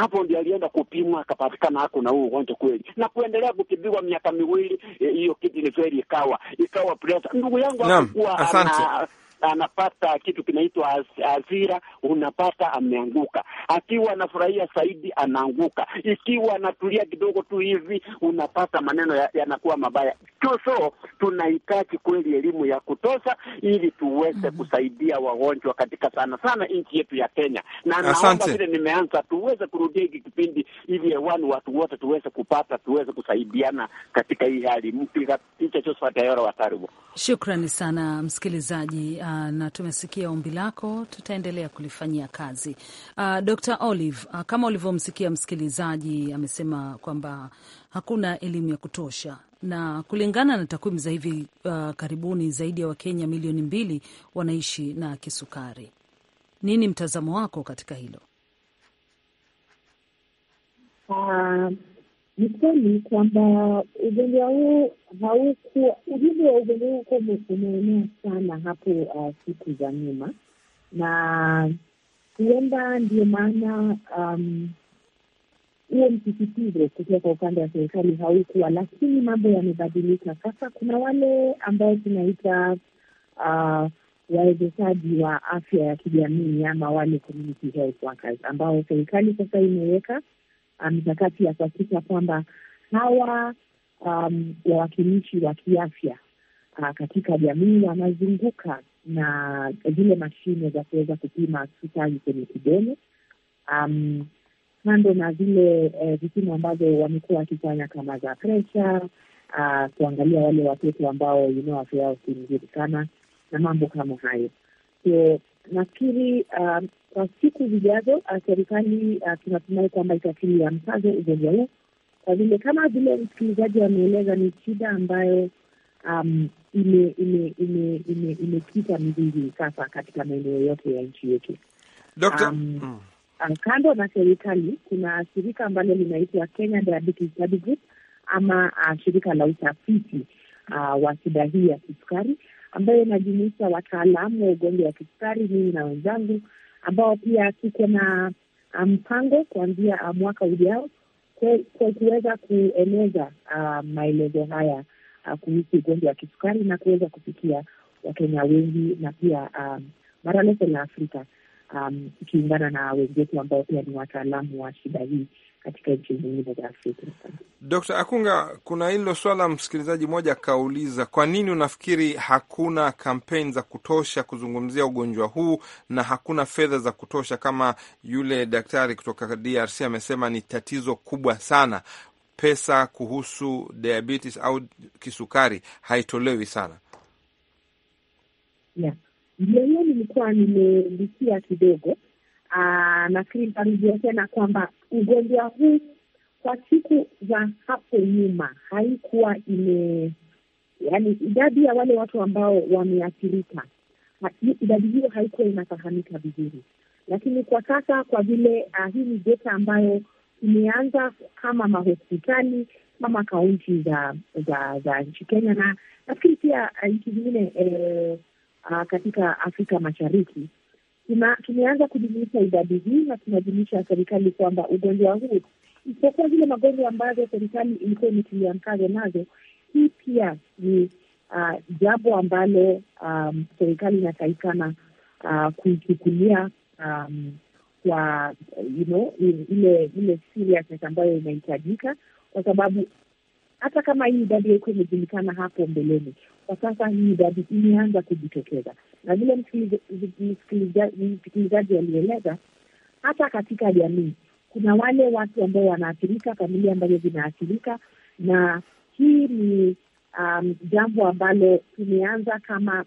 hapo ndio alienda kupimwa akapatikana hako na huo ugonjwa kweli, na kuendelea kutibiwa miaka miwili eh, hiyo, e, kidney failure ikawa ikawa pressure. Ndugu yangu alikuwa anapata kitu kinaitwa azira unapata ameanguka. Akiwa anafurahia zaidi anaanguka, ikiwa anatulia kidogo tu hivi, unapata maneno yanakuwa ya mabaya. Choso, tunahitaji kweli elimu ya kutosha ili tuweze mm -hmm. kusaidia wagonjwa katika sana sana nchi yetu ya Kenya, na naomba vile nimeanza, tuweze kurudia hiki kipindi ili hewani watu wote tuweze kupata, tuweze kusaidiana katika hii hali. Mpiga picha Josephat Ayora wa Taribo. Shukrani sana msikilizaji. Uh, Ah, na tumesikia ombi lako, tutaendelea kulifanyia kazi. Uh, ah, Dr. Olive, uh, kama ulivyomsikia msikilizaji, amesema kwamba hakuna elimu ya kutosha na kulingana na takwimu za hivi uh, karibuni zaidi ya Wakenya milioni mbili wanaishi na kisukari. Nini mtazamo wako katika hilo? Ni kweli kwamba ugonjwa huu haukuwa, ujumbe wa ugonjwa huu kuwa umeenea sana hapo uh, siku za nyuma, na huenda ndio maana um, huo um, msisitizo kutoka upande wa serikali haukuwa, lakini mambo yamebadilika sasa. Kuna wale ambao tunaita uh, wawezeshaji wa afya ya kijamii ama wale community health workers ambao serikali sasa imeweka Uh, mikakati ya kuhakikisha kwamba hawa um, wawakilishi wa kiafya uh, katika jamii wanazunguka na zile mashine za kuweza kupima sukari kwenye kidemo um, kando na zile eh, vipimo ambazo wamekuwa wakifanya kama za presha uh, kuangalia wale watoto ambao you know afya yao si mzuri sana na mambo kama hayo. So nafikiri uh, kwa siku zijazo uh, serikali uh, tunatumai kwamba ya mkazo ugonjwa huu, kwa vile kama vile msikilizaji ameeleza, ni shida ambayo um, imekita ime, ime, ime, sasa katika maeneo yote ya nchi yetu. Um, mm. Uh, kando na serikali kuna shirika ambalo linaitwa Kenya Group ama uh, shirika la utafiti uh, wa shida hii ya kisukari ambayo inajumuisha wataalamu wa ugonjwa wa kisukari, mimi na wenzangu, ambao pia tuko na um, mpango kuanzia uh, mwaka ujao kwa kuweza kueneza uh, maelezo haya uh, kuhusu ugonjwa wa kisukari na kuweza kufikia Wakenya wengi na pia um, lote la Afrika, um, ikiungana um, na wenzetu ambao pia ni wataalamu wa shida hii katika nchi zingine za Afrika. Dkt. Akunga, kuna hilo swala msikilizaji mmoja akauliza, kwa nini unafikiri hakuna kampeni za kutosha kuzungumzia ugonjwa huu na hakuna fedha za kutosha? Kama yule daktari kutoka DRC amesema, ni tatizo kubwa sana, pesa kuhusu diabetes au kisukari haitolewi sana. Ndio hiyo nilikuwa kidogo Ah, nafikiri nitarudia tena kwamba ugonjwa huu kwa siku za hapo nyuma haikuwa ime, yani idadi ya wale watu ambao wameathirika, idadi hiyo haikuwa inafahamika vizuri, lakini kwa sasa, kwa vile uh, hii ni data ambayo imeanza kama mahospitali kama kaunti za za za nchi Kenya na nafikiri pia ah, nchi zingine eh, uh, katika Afrika Mashariki tumeanza kujumuisha idadi hii na tunajulisha serikali kwamba ugonjwa huu, isipokuwa zile magonjwa ambazo serikali ilikuwa imetilia mkazo nazo, hii pia ni uh, jambo ambalo um, serikali inatakikana uh, ah, kuichukulia um, kwa you know, ile ile seriousness ambayo inahitajika, kwa sababu hata kama hii idadi haikuwa imejulikana hapo mbeleni, kwa sasa hii idadi imeanza kujitokeza, na vile msikilizaji alieleza, hata katika jamii kuna wale watu ambao wanaathirika, familia ambazo zinaathirika, na hii ni um, jambo ambalo tumeanza kama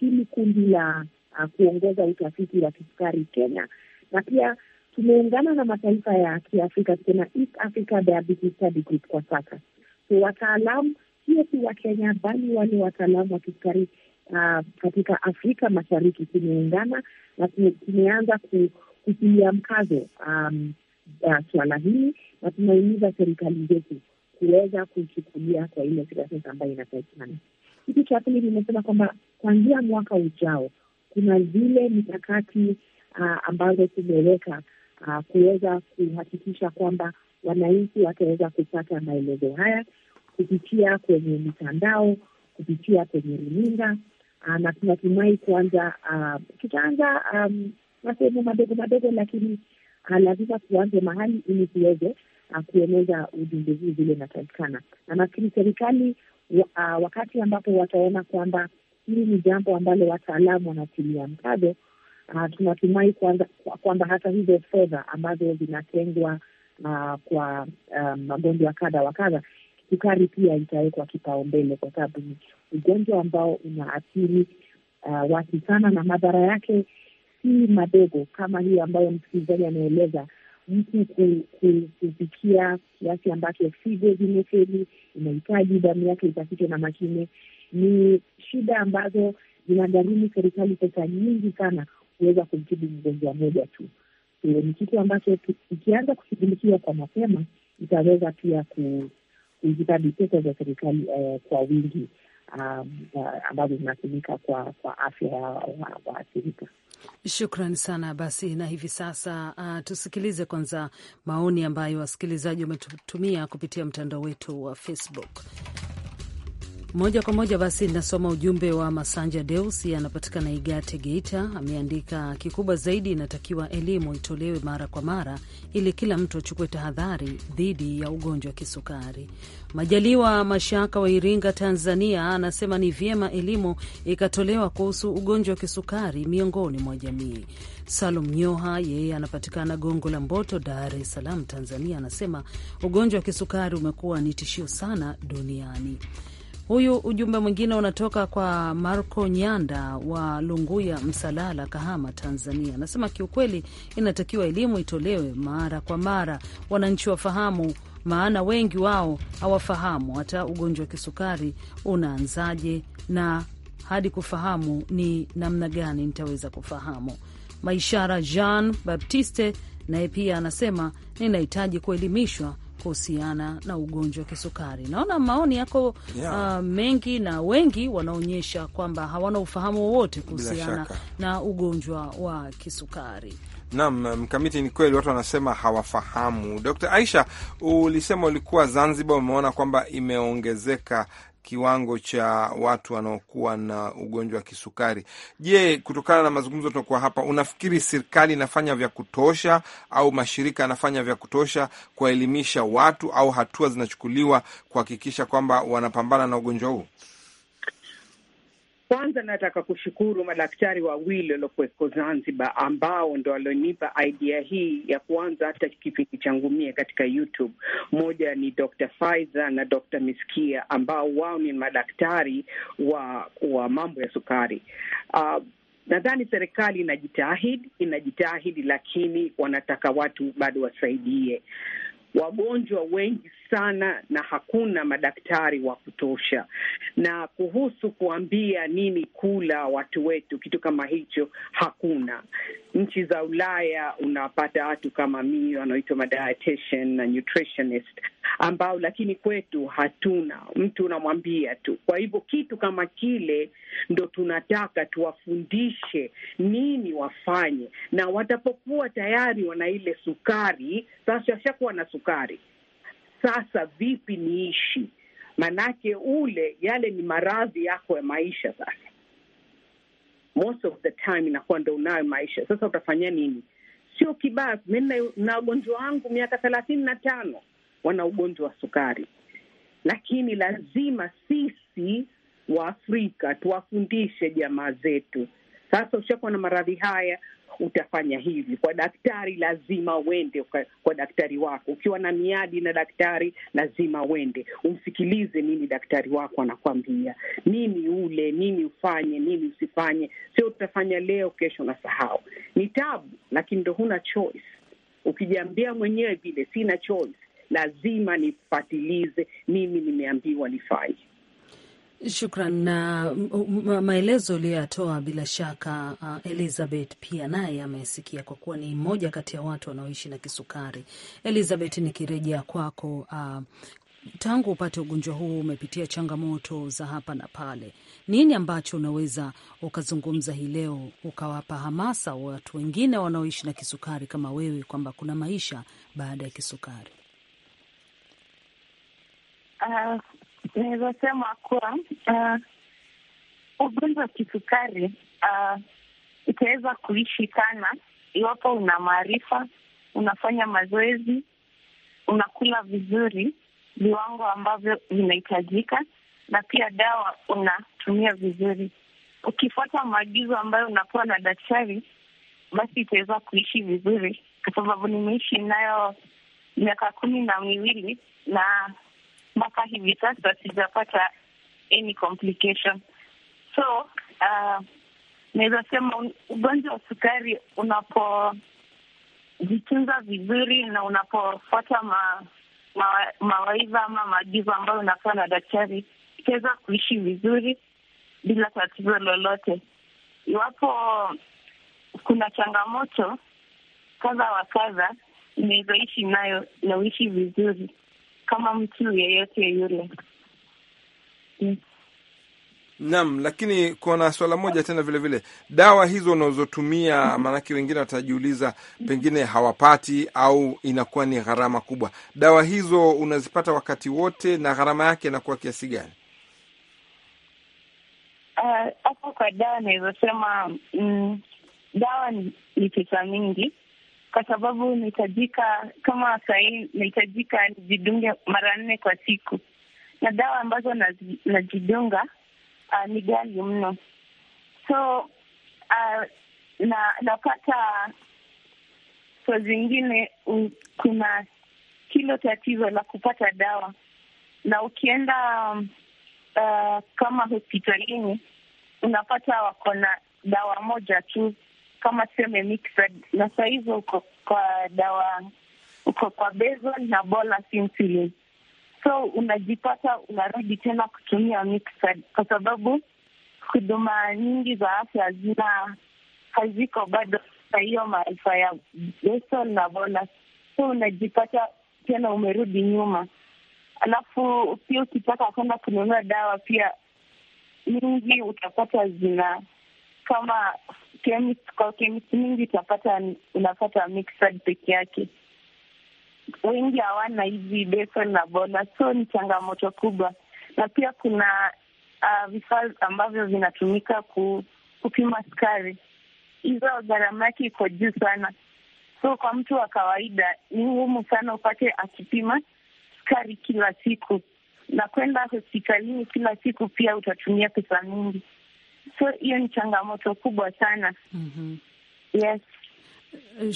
hili kundi la uh, kuongoza utafiti wa kisukari Kenya, na pia tumeungana na mataifa ya Kiafrika, tukena East Africa Diabetes Study Group kwa sasa, so wataalam sio tu Wakenya bali wale wataalamu wa kisukari uh, katika Afrika Mashariki tumeungana na tumeanza kutilia mkazo um, uh, suala hili na tunahimiza serikali zetu kuweza kuichukulia kwa ile serikali ambayo inapatikana. Kitu cha pili nimesema kwamba kuanzia mwaka ujao kuna zile mikakati uh, ambazo tumeweka uh, kuweza kuhakikisha kwamba wananchi wataweza kupata maelezo haya kupitia kwenye mitandao, kupitia kwenye runinga, ah, na tunatumai kuanza, ah, tutaanza um, masehemu madogo madogo, lakini ah, lazima tuanze mahali ili tuweze kueneza ujumbe huu vile inatakikana. Na nafikiri serikali wakati ambapo wataona kwamba hili ni jambo ambalo wataalamu wanatilia mkazo, tunatumai kwamba hata hizo fedha ambazo zinatengwa kwa magonjwa kadha wa kadha Sukari pia itawekwa kipaumbele kwa sababu ni ugonjwa ambao unaathiri uh, watu sana, na madhara yake si madogo kama hiyo ambayo msikilizaji anaeleza mtu kufikia kiasi ambacho figo zimefeli, inahitaji damu yake itafike na mashine. Ni shida ambazo zinagharimu serikali pesa nyingi sana kuweza kumtibu mgonjwa moja tu. Ni kitu ambacho ikianza kushughulikiwa kwa mapema itaweza pia ku huhifadhi pesa za serikali uh, kwa wingi um, uh, ambazo zinatumika kwa, kwa afya ya waathirika. Shukran sana basi, na hivi sasa uh, tusikilize kwanza maoni ambayo wasikilizaji wametutumia kupitia mtandao wetu wa Facebook. Moja kwa moja basi nasoma ujumbe wa Masanja deus anapatikana Igate, Geita. Ameandika, kikubwa zaidi inatakiwa elimu itolewe mara kwa mara ili kila mtu achukue tahadhari dhidi ya ugonjwa wa kisukari. Majaliwa Mashaka wa Iringa, Tanzania, anasema ni vyema elimu ikatolewa kuhusu ugonjwa wa kisukari miongoni mwa jamii. Salum Nyoha yeye anapatikana Gongo la Mboto, Dar es Salaam, Tanzania, anasema ugonjwa wa kisukari umekuwa ni tishio sana duniani. Huyu ujumbe mwingine unatoka kwa Marco Nyanda wa Lunguya, Msalala, Kahama, Tanzania. Anasema kiukweli, inatakiwa elimu itolewe mara kwa mara, wananchi wafahamu, maana wengi wao hawafahamu hata ugonjwa wa kisukari unaanzaje na hadi kufahamu ni namna gani nitaweza kufahamu. Maishara Jean Baptiste naye pia anasema ninahitaji kuelimishwa kuhusiana na ugonjwa wa kisukari. Naona maoni yako uh, yeah, uh, mengi na wengi wanaonyesha kwamba hawana ufahamu wowote kuhusiana na ugonjwa wa kisukari. Naam, Mkamiti, ni kweli watu wanasema hawafahamu. d Aisha, ulisema ulikuwa Zanzibar, umeona kwamba imeongezeka kiwango cha watu wanaokuwa na ugonjwa wa kisukari. Je, kutokana na mazungumzo tunakuwa hapa, unafikiri serikali inafanya vya kutosha au mashirika yanafanya vya kutosha kuwaelimisha watu au hatua zinachukuliwa kuhakikisha kwamba wanapambana na ugonjwa huu? Kwanza nataka kushukuru madaktari wawili waliokuweko Zanzibar ambao ndo walionipa idea hii ya kuanza hata kipindi changu mie katika YouTube. Mmoja ni Dr. Faiza na Dr. Miskia ambao wao ni madaktari wa, wa mambo ya sukari uh, Nadhani serikali inajitahidi inajitahidi, lakini wanataka watu bado wasaidie wagonjwa wengi sana na hakuna madaktari wa kutosha. Na kuhusu kuambia nini kula watu wetu, kitu kama hicho hakuna. Nchi za Ulaya unapata watu kama mimi wanaoitwa madietitian na nutritionist, ambao lakini kwetu hatuna mtu, unamwambia tu. Kwa hivyo kitu kama kile ndo tunataka tuwafundishe nini wafanye, na watapokuwa tayari wana ile sukari sasa, washakuwa na sukari sukari. Sasa vipi niishi? Manake ule yale ni maradhi yako ya maisha. Sasa most of the time inakuwa ndo unayo maisha. Sasa utafanya nini? Sio kibaya. Mi na ugonjwa wangu miaka thelathini na tano wana ugonjwa wa sukari, lakini lazima sisi Waafrika tuwafundishe jamaa zetu sasa ushakuwa na maradhi haya utafanya hivi kwa daktari, lazima uende kwa, daktari wako. Ukiwa na miadi na daktari, lazima uende umsikilize nini daktari wako anakwambia, nini ule, nini ufanye, nini usifanye. Sio utafanya leo, kesho unasahau. Ni tabu, lakini ndo huna choice. Ukijiambia mwenyewe vile, sina choice, lazima nifatilize, mimi nimeambiwa nifanye. Shukran na maelezo uliyoyatoa bila shaka uh, Elizabeth pia naye amesikia kwa kuwa ni mmoja kati ya watu wanaoishi na kisukari. Elizabeth, nikirejea kwako, uh, tangu upate ugonjwa huu umepitia changamoto za hapa na pale. Nini ambacho unaweza ukazungumza hii leo ukawapa hamasa watu wengine wanaoishi na kisukari kama wewe kwamba kuna maisha baada ya kisukari? Uh, naweza sema kuwa uh, ugonjwa wa kisukari uh, itaweza sana iwapo una maarifa, unafanya mazoezi, unakula vizuri viwango ambavyo vinahitajika, na pia dawa unatumia vizuri. Ukifuata maagizo ambayo unapewa na daktari, basi itaweza kuishi vizuri, kwa sababu nimeishi nayo miaka kumi na miwili na mpaka hivi sasa sijapata any complication. So uh, naweza sema ugonjwa wa sukari unapojitunza vizuri na unapofuata ma, ma, mawaidha ama maagizo ambayo unapewa na daktari, ikiweza kuishi vizuri bila tatizo lolote. Iwapo kuna changamoto kadha wa kadha, inawezoishi nayo na uishi vizuri kama mtu yeyote yule. Mm. Naam, lakini kuna swala moja tena vile vile, dawa hizo unazotumia, mhm. maanake wengine watajiuliza pengine hawapati au inakuwa ni gharama kubwa. Dawa hizo unazipata wakati wote na gharama yake inakuwa kiasi gani? Eh, hapo uh, kwa dawa naweza sema mm, dawa ni pesa mingi kwa sababu nahitajika kama sahii nahitajika nijidunge mara nne kwa siku, na dawa ambazo najidunga uh, ah, ni ghali mno, so uh, na napata saa zingine kuna kilo tatizo la kupata dawa, na ukienda uh, kama hospitalini unapata wako na dawa moja tu kama tuseme Mixed na saa hizo uko kwa dawa, uko kwa bezol na Bola Insulin, so unajipata unarudi tena kutumia Mixed kwa sababu huduma nyingi za afya zina haziko bado kwa hiyo maarifa ya bezol na Bola, so unajipata tena umerudi nyuma. Alafu pia ukitaka kwenda kununua dawa pia nyingi utapata zina kama chemist, yaani, kwa chemist mingi utapata unapata mixed peke yake, wengi hawana hizi Benson na Bola, so ni changamoto kubwa. Na pia kuna uh, vifaa ambavyo vinatumika ku, kupima sukari, hizo gharama yake iko juu sana, so kwa mtu wa kawaida ni ngumu sana upate akipima sukari kila siku, na kwenda hospitalini kila siku pia utatumia pesa mingi so hiyo ni changamoto kubwa sana. mm -hmm. Yes.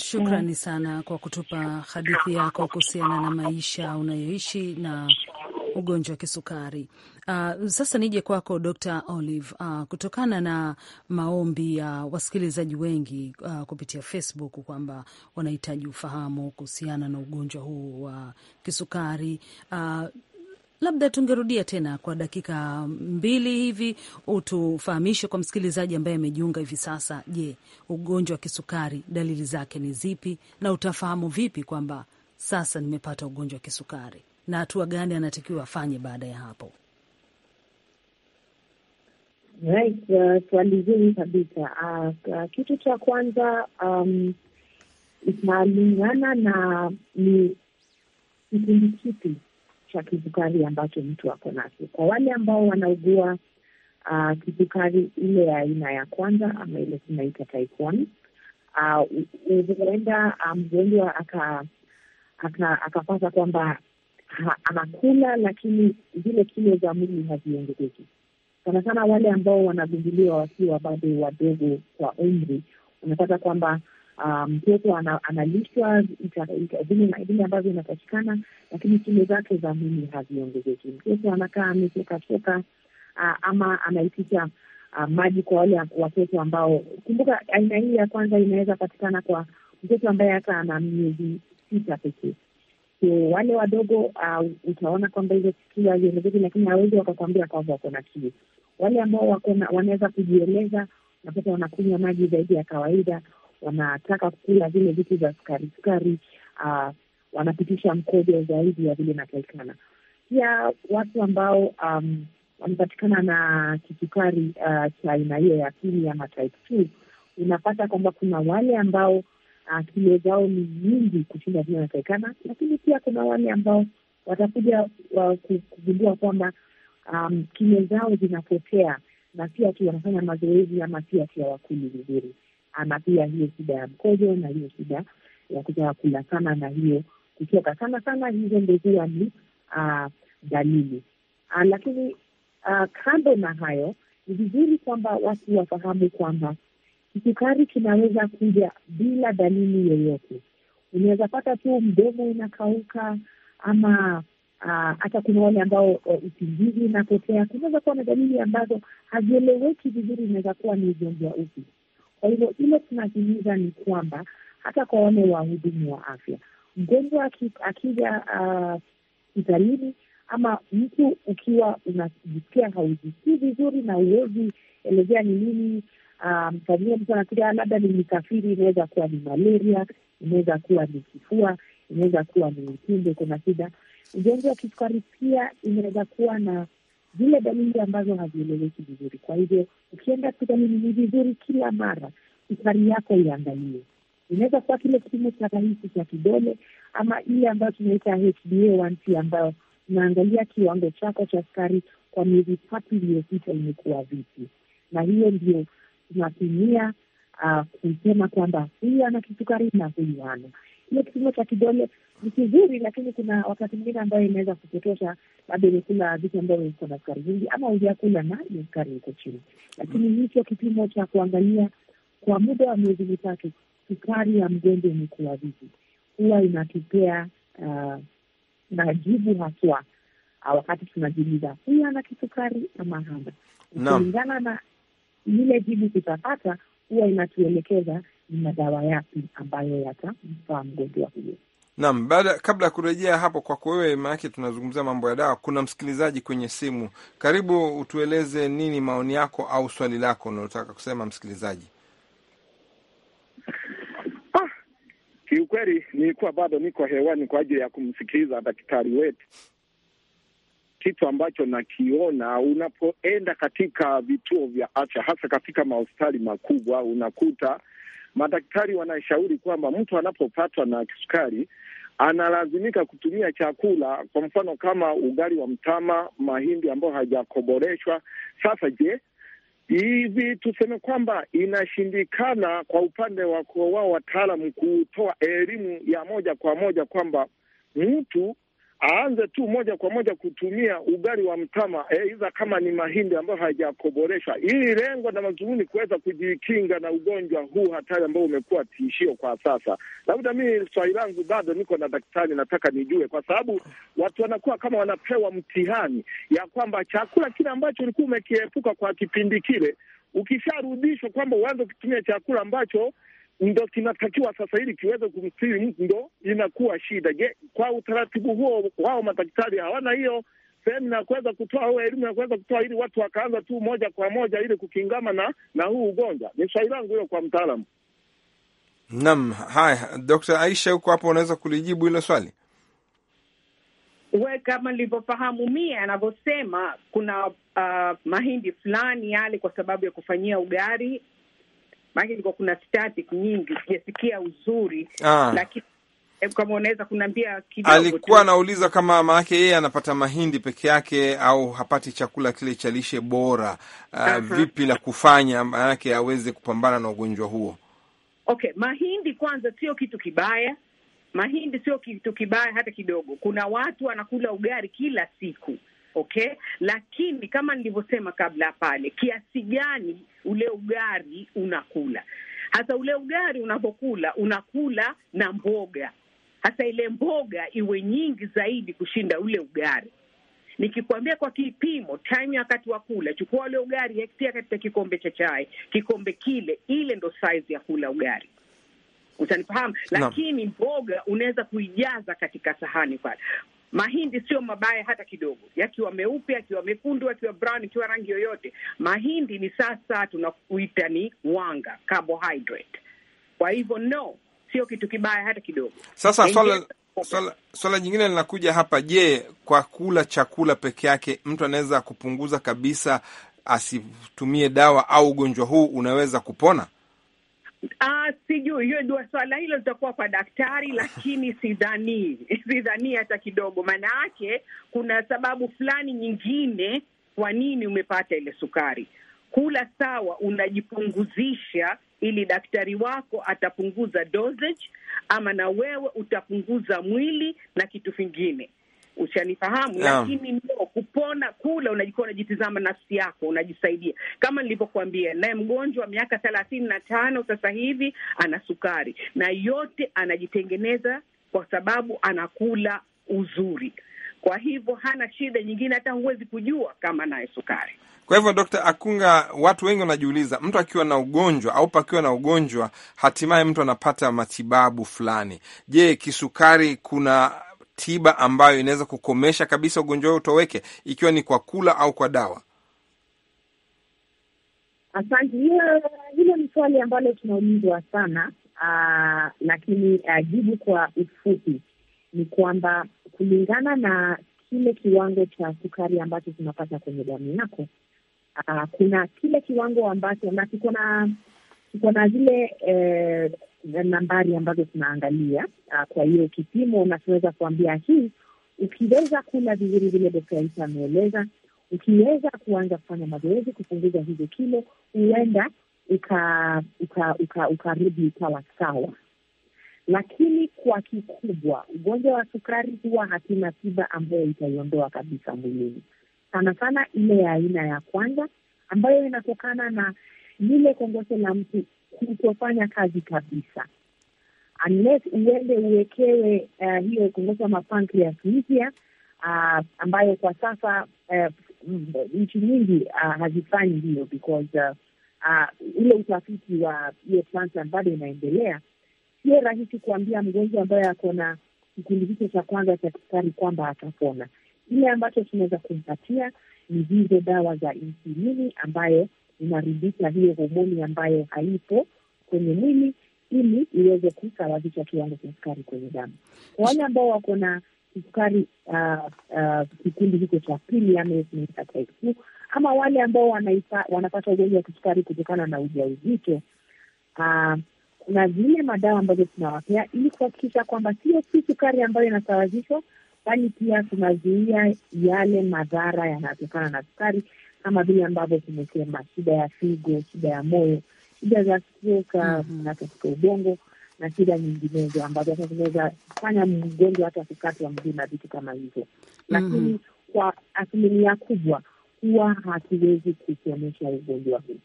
Shukrani sana kwa kutupa hadithi yako kuhusiana na maisha unayoishi na ugonjwa wa kisukari. Uh, sasa nije kwako Dr. Olive. Uh, kutokana na maombi ya uh, wasikilizaji wengi uh, kupitia Facebook kwamba wanahitaji ufahamu kuhusiana na ugonjwa huu wa uh, kisukari uh, labda tungerudia tena kwa dakika mbili hivi, utufahamishe kwa msikilizaji ambaye amejiunga hivi sasa. Je, ugonjwa wa kisukari dalili zake ni zipi, na utafahamu vipi kwamba sasa nimepata ugonjwa wa kisukari na hatua gani anatakiwa afanye baada ya hapo? Right, uh, swali zuri kabisa. Uh, uh, kitu cha kwanza um, italingana na ni kipindi kipi cha kisukari ambacho mtu ako nacho. Kwa wale ambao wanaugua uh, kisukari ile ya aina ya kwanza ama ile tunaita type one, ah, huenda uh, mgonjwa um, akapata aka kwamba anakula lakini zile kilo za mwili haziongezeki. Sana sana wale ambao wanagunduliwa wakiwa bado wadogo kwa umri, unapata kwamba Um, mtoto um, analishwa vile ambavyo inapatikana, lakini kilo zake za mwili haziongezeki. Mtoto anakaa amechekacheka ama anaitisha uh, maji kwa wale watoto ambao, kumbuka, aina hii ya kwanza inaweza patikana kwa mtoto ambaye hata ana miezi sita pekee. So wale wadogo uh, utaona kwamba hizo kiu haziongezeki, lakini hawezi wakakwambia kwamba wako na kilo. Wale ambao wanaweza kujieleza, napata wanakunywa maji zaidi ya kawaida wanataka kula vile vitu za sukari sukari, uh, wanapitisha mkojo zaidi ya vile inatakikana. Pia watu ambao um, wanapatikana na kisukari uh, cha aina hiyo ya pili ama type two, unapata kwamba kuna wale ambao uh, kilo zao ni nyingi kushinda vile inatakikana, lakini pia kuna wale ambao watakuja uh, kugundua kwamba um, kilo zao zinapotea na pia tu wanafanya mazoezi ama pia pia wakuli vizuri ama pia hiyo shida ya mkojo na hiyo shida ya kutaka kula sana na hiyo kuchoka sana sana, hizo ndo huwa ni uh, dalili uh, lakini uh, kando na hayo ni vizuri kwamba watu wafahamu kwamba kisukari kinaweza kuja bila dalili yoyote. Unaweza pata tu mdomo inakauka ama hata uh, kuna wale ambao usingizi inapotea. unapotea. Kunaweza kuwa na dalili ambazo hazieleweki vizuri, inaweza kuwa ni ugonjwa upi. Kwa hivyo ile tunahimiza ni kwamba hata kwa wale wahudumu wa afya, mgonjwa akija ah, hospitalini uh, ama mtu ukiwa unajisikia haujisikii vizuri na uwezi elezea ni nini um, mtu anakuja labda ni misafiri, inaweza kuwa ni malaria, inaweza kuwa ni kifua, inaweza kuwa ni utumbo, kuna shida. Ugonjwa wa kisukari pia inaweza kuwa na zile dalili ambazo hazieleweki vizuri. Kwa hivyo ukienda hospitalini, ni vizuri kila mara sukari yako iangaliwe. Inaweza kuwa kile kipimo cha rahisi cha kidole ama ile ambayo tunaita HbA1c ambayo unaangalia kiwango chako cha sukari kwa miezi tatu iliyopita imekuwa vipi, na hiyo ndio tunatumia uh, kusema kwamba huyu ana kisukari na huyu hana hiyo kipimo cha kidole ni kizuri, lakini kuna wakati mwingine ambayo inaweza kupotosha, labda imekula vitu ambavyo viko na sukari nyingi, ama ujakula na sukari iko chini. Lakini hicho kipimo cha kuangalia kwa muda wa miezi mitatu sukari ya mgonjwa imekuwa vipi, huwa inatupea uh, majibu haswa uh, wakati tunajiuliza huyu ana kisukari ama hana. Kulingana na lile jibu tutapata, huwa inatuelekeza ni madawa yapi ambayo yatamfaa mgonjwa huyo. Naam, baada kabla ya kurejea hapo kwako wewe, maanake tunazungumzia mambo ya dawa. Kuna msikilizaji kwenye simu, karibu utueleze nini maoni yako au swali lako unalotaka kusema, msikilizaji. Ah, kiukweli nilikuwa bado niko hewani kwa ajili ya kumsikiliza daktari wetu. Kitu ambacho nakiona, unapoenda katika vituo vya afya, hasa katika mahospitali makubwa, unakuta Madaktari wanashauri kwamba mtu anapopatwa na kisukari analazimika kutumia chakula, kwa mfano kama ugali wa mtama, mahindi ambayo hajakoboreshwa. Sasa je, hivi tuseme kwamba inashindikana kwa upande wa wao wataalam kutoa elimu ya moja kwa moja kwamba mtu aanze tu moja kwa moja kutumia ugali wa mtama aidha, eh, kama ni mahindi ambayo hayajakoboreshwa, ili lengo na mazumuni kuweza kujikinga na ugonjwa huu hatari ambao umekuwa tishio kwa sasa. Labda mii swali langu bado niko na daktari, nataka nijue, kwa sababu watu wanakuwa kama wanapewa mtihani ya kwamba chakula kile ambacho ulikuwa umekiepuka kwa kipindi kile, ukisharudishwa kwamba uanze kutumia chakula ambacho ndo kinatakiwa sasa, ili kiweze kumstiri mtu, ndo inakuwa shida. Je, kwa utaratibu huo wao madaktari hawana hiyo sehemu ya kuweza kutoa huo elimu ya kuweza kutoa, ili watu wakaanza tu moja kwa moja, ili kukingama na na huu ugonjwa? Ni swali langu hilo kwa mtaalamu. Naam, haya, Dr. Aisha, huko hapo unaweza kulijibu hilo swali? We, kama nilivyofahamu mie anavyosema, kuna uh, mahindi fulani yale kwa sababu ya kufanyia ugari maanake ilikuwa kuna static nyingi, sijasikia uzuri ah. Lakini eh, kama unaweza kuniambia kidogo. Alikuwa anauliza kama maanake yeye anapata mahindi peke yake au hapati chakula kile cha lishe bora uh, Vipi la kufanya maanake aweze kupambana na ugonjwa huo? Okay, mahindi kwanza sio kitu kibaya, mahindi sio kitu kibaya hata kidogo. Kuna watu wanakula ugali kila siku okay, lakini kama nilivyosema kabla pale, kiasi gani ule ugari unakula hasa. Ule ugari unapokula unakula na mboga, hasa ile mboga iwe nyingi zaidi kushinda ule ugari. Nikikwambia kwa kipimo, time ya wakati wa kula, chukua ule ugari, hektia katika kikombe cha chai, kikombe kile, ile ndo size ya kula ugari. Utanifahamu, lakini mboga unaweza kuijaza katika sahani pale. Mahindi sio mabaya hata kidogo, yakiwa meupe, akiwa mekundu, akiwa brown, akiwa rangi yoyote. Mahindi ni sasa tunakuita ni wanga, carbohydrate. Kwa hivyo no, sio kitu kibaya hata kidogo. Sasa swala swala, swala nyingine linakuja hapa. Je, kwa kula chakula peke yake mtu anaweza kupunguza kabisa asitumie dawa au ugonjwa huu unaweza kupona? Ah, sijui hiyo ndio swala hilo litakuwa kwa daktari, lakini sidhani sidhani hata kidogo. Maana yake kuna sababu fulani nyingine kwa nini umepata ile sukari. Kula sawa, unajipunguzisha ili daktari wako atapunguza dosage, ama na wewe utapunguza mwili na kitu kingine ushanifahamu yeah. Lakini no, kupona kule unajikuwa unajitizama nafsi yako, unajisaidia kama nilivyokuambia. Naye mgonjwa miaka thelathini na tano sasa hivi ana sukari na yote anajitengeneza kwa sababu anakula uzuri, kwa hivyo hana shida nyingine, hata huwezi kujua kama naye sukari. Kwa hivyo Dr. Akunga, watu wengi wanajiuliza, mtu akiwa na ugonjwa au pakiwa na ugonjwa, hatimaye mtu anapata matibabu fulani. Je, kisukari kuna tiba ambayo inaweza kukomesha kabisa ugonjwa huo utoweke, ikiwa ni kwa kula au kwa dawa? Asante. Hilo ni swali ambalo tunaulizwa sana aa, ah, lakini aa, ah, jibu kwa ufupi ni kwamba kulingana na kile kiwango cha sukari ambacho tunapata kwenye damu yako, ah, kuna kile kiwango ambacho na kiko na zile eh, nambari ambazo tunaangalia. Uh, kwa hiyo kipimo, na tunaweza kuambia hii, ukiweza kula vizuri vile dokta ameeleza, ukiweza kuanza kufanya mazoezi kupunguza hizo kilo, huenda ukarudi ukawa sawa. Lakini kwa kikubwa, ugonjwa wa sukari huwa hatuna tiba ambayo itaiondoa kabisa mwilini, sana sana ile ya aina ya kwanza ambayo inatokana na lile kongosho la mtu kutofanya kazi kabisa, unless uende uwekewe uh, hiyo kuongeza mapancreas mpya uh, ah, ambayo kwa sasa uh, nchi nyingi uh, hazifanyi hiyo because uh, uh, ule utafiti wa hiyo bado inaendelea. Sio rahisi kuambia mgonjwa ambaye ako na kikundi hicho cha kwanza cha kisukari kwamba atapona. Kile ambacho tunaweza kumpatia ni hizo dawa za insulini ambayo inaridhisha hiyo homoni ambayo haipo kwenye mwili ili iweze kusawazisha kiwango cha sukari kwenye damu. Kwa wale ambao wako na sukari kikundi uh, uh, hicho cha pili ama ama wale ambao wanapata ugonjwa wa kisukari kutokana na ujauzito uh, kuna zile madawa ambazo tunawapea ili kuhakikisha kwamba sio si sukari ambayo inasawazishwa, bali pia tunazuia yale madhara yanayotokana na sukari kama vile ambavyo tumesema, shida ya figo, shida ya moyo, shida za stroka na mm-hmm. katika ubongo na shida nyinginezo ambazo hata zinaweza kufanya mgonjwa hata kukatwa wa mzima, vitu kama hivyo, mm-hmm. lakini kwa asilimia kubwa huwa hatuwezi kukuonyesha ugonjwa huu.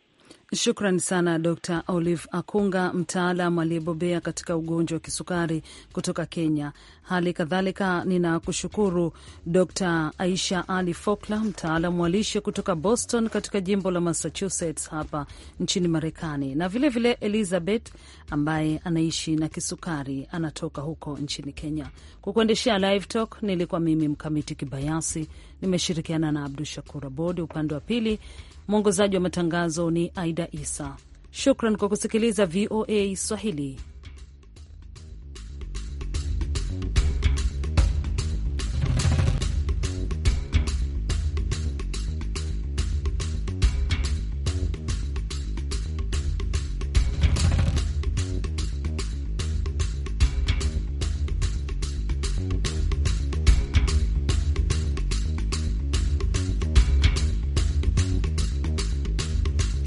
Shukran sana Dr Olive Akunga, mtaalam aliyebobea katika ugonjwa wa kisukari kutoka Kenya. Hali kadhalika ninakushukuru Dr Aisha Ali Fokla, mtaalam wa lishe kutoka Boston katika jimbo la Massachusetts hapa nchini Marekani, na vilevile vile Elizabeth ambaye anaishi na kisukari, anatoka huko nchini Kenya. Kwa kuendeshea Live Talk nilikuwa mimi Mkamiti Kibayasi, nimeshirikiana na Abdu Shakur Abod upande wa pili Mwongozaji wa matangazo ni Aida Isa. Shukran kwa kusikiliza VOA Swahili.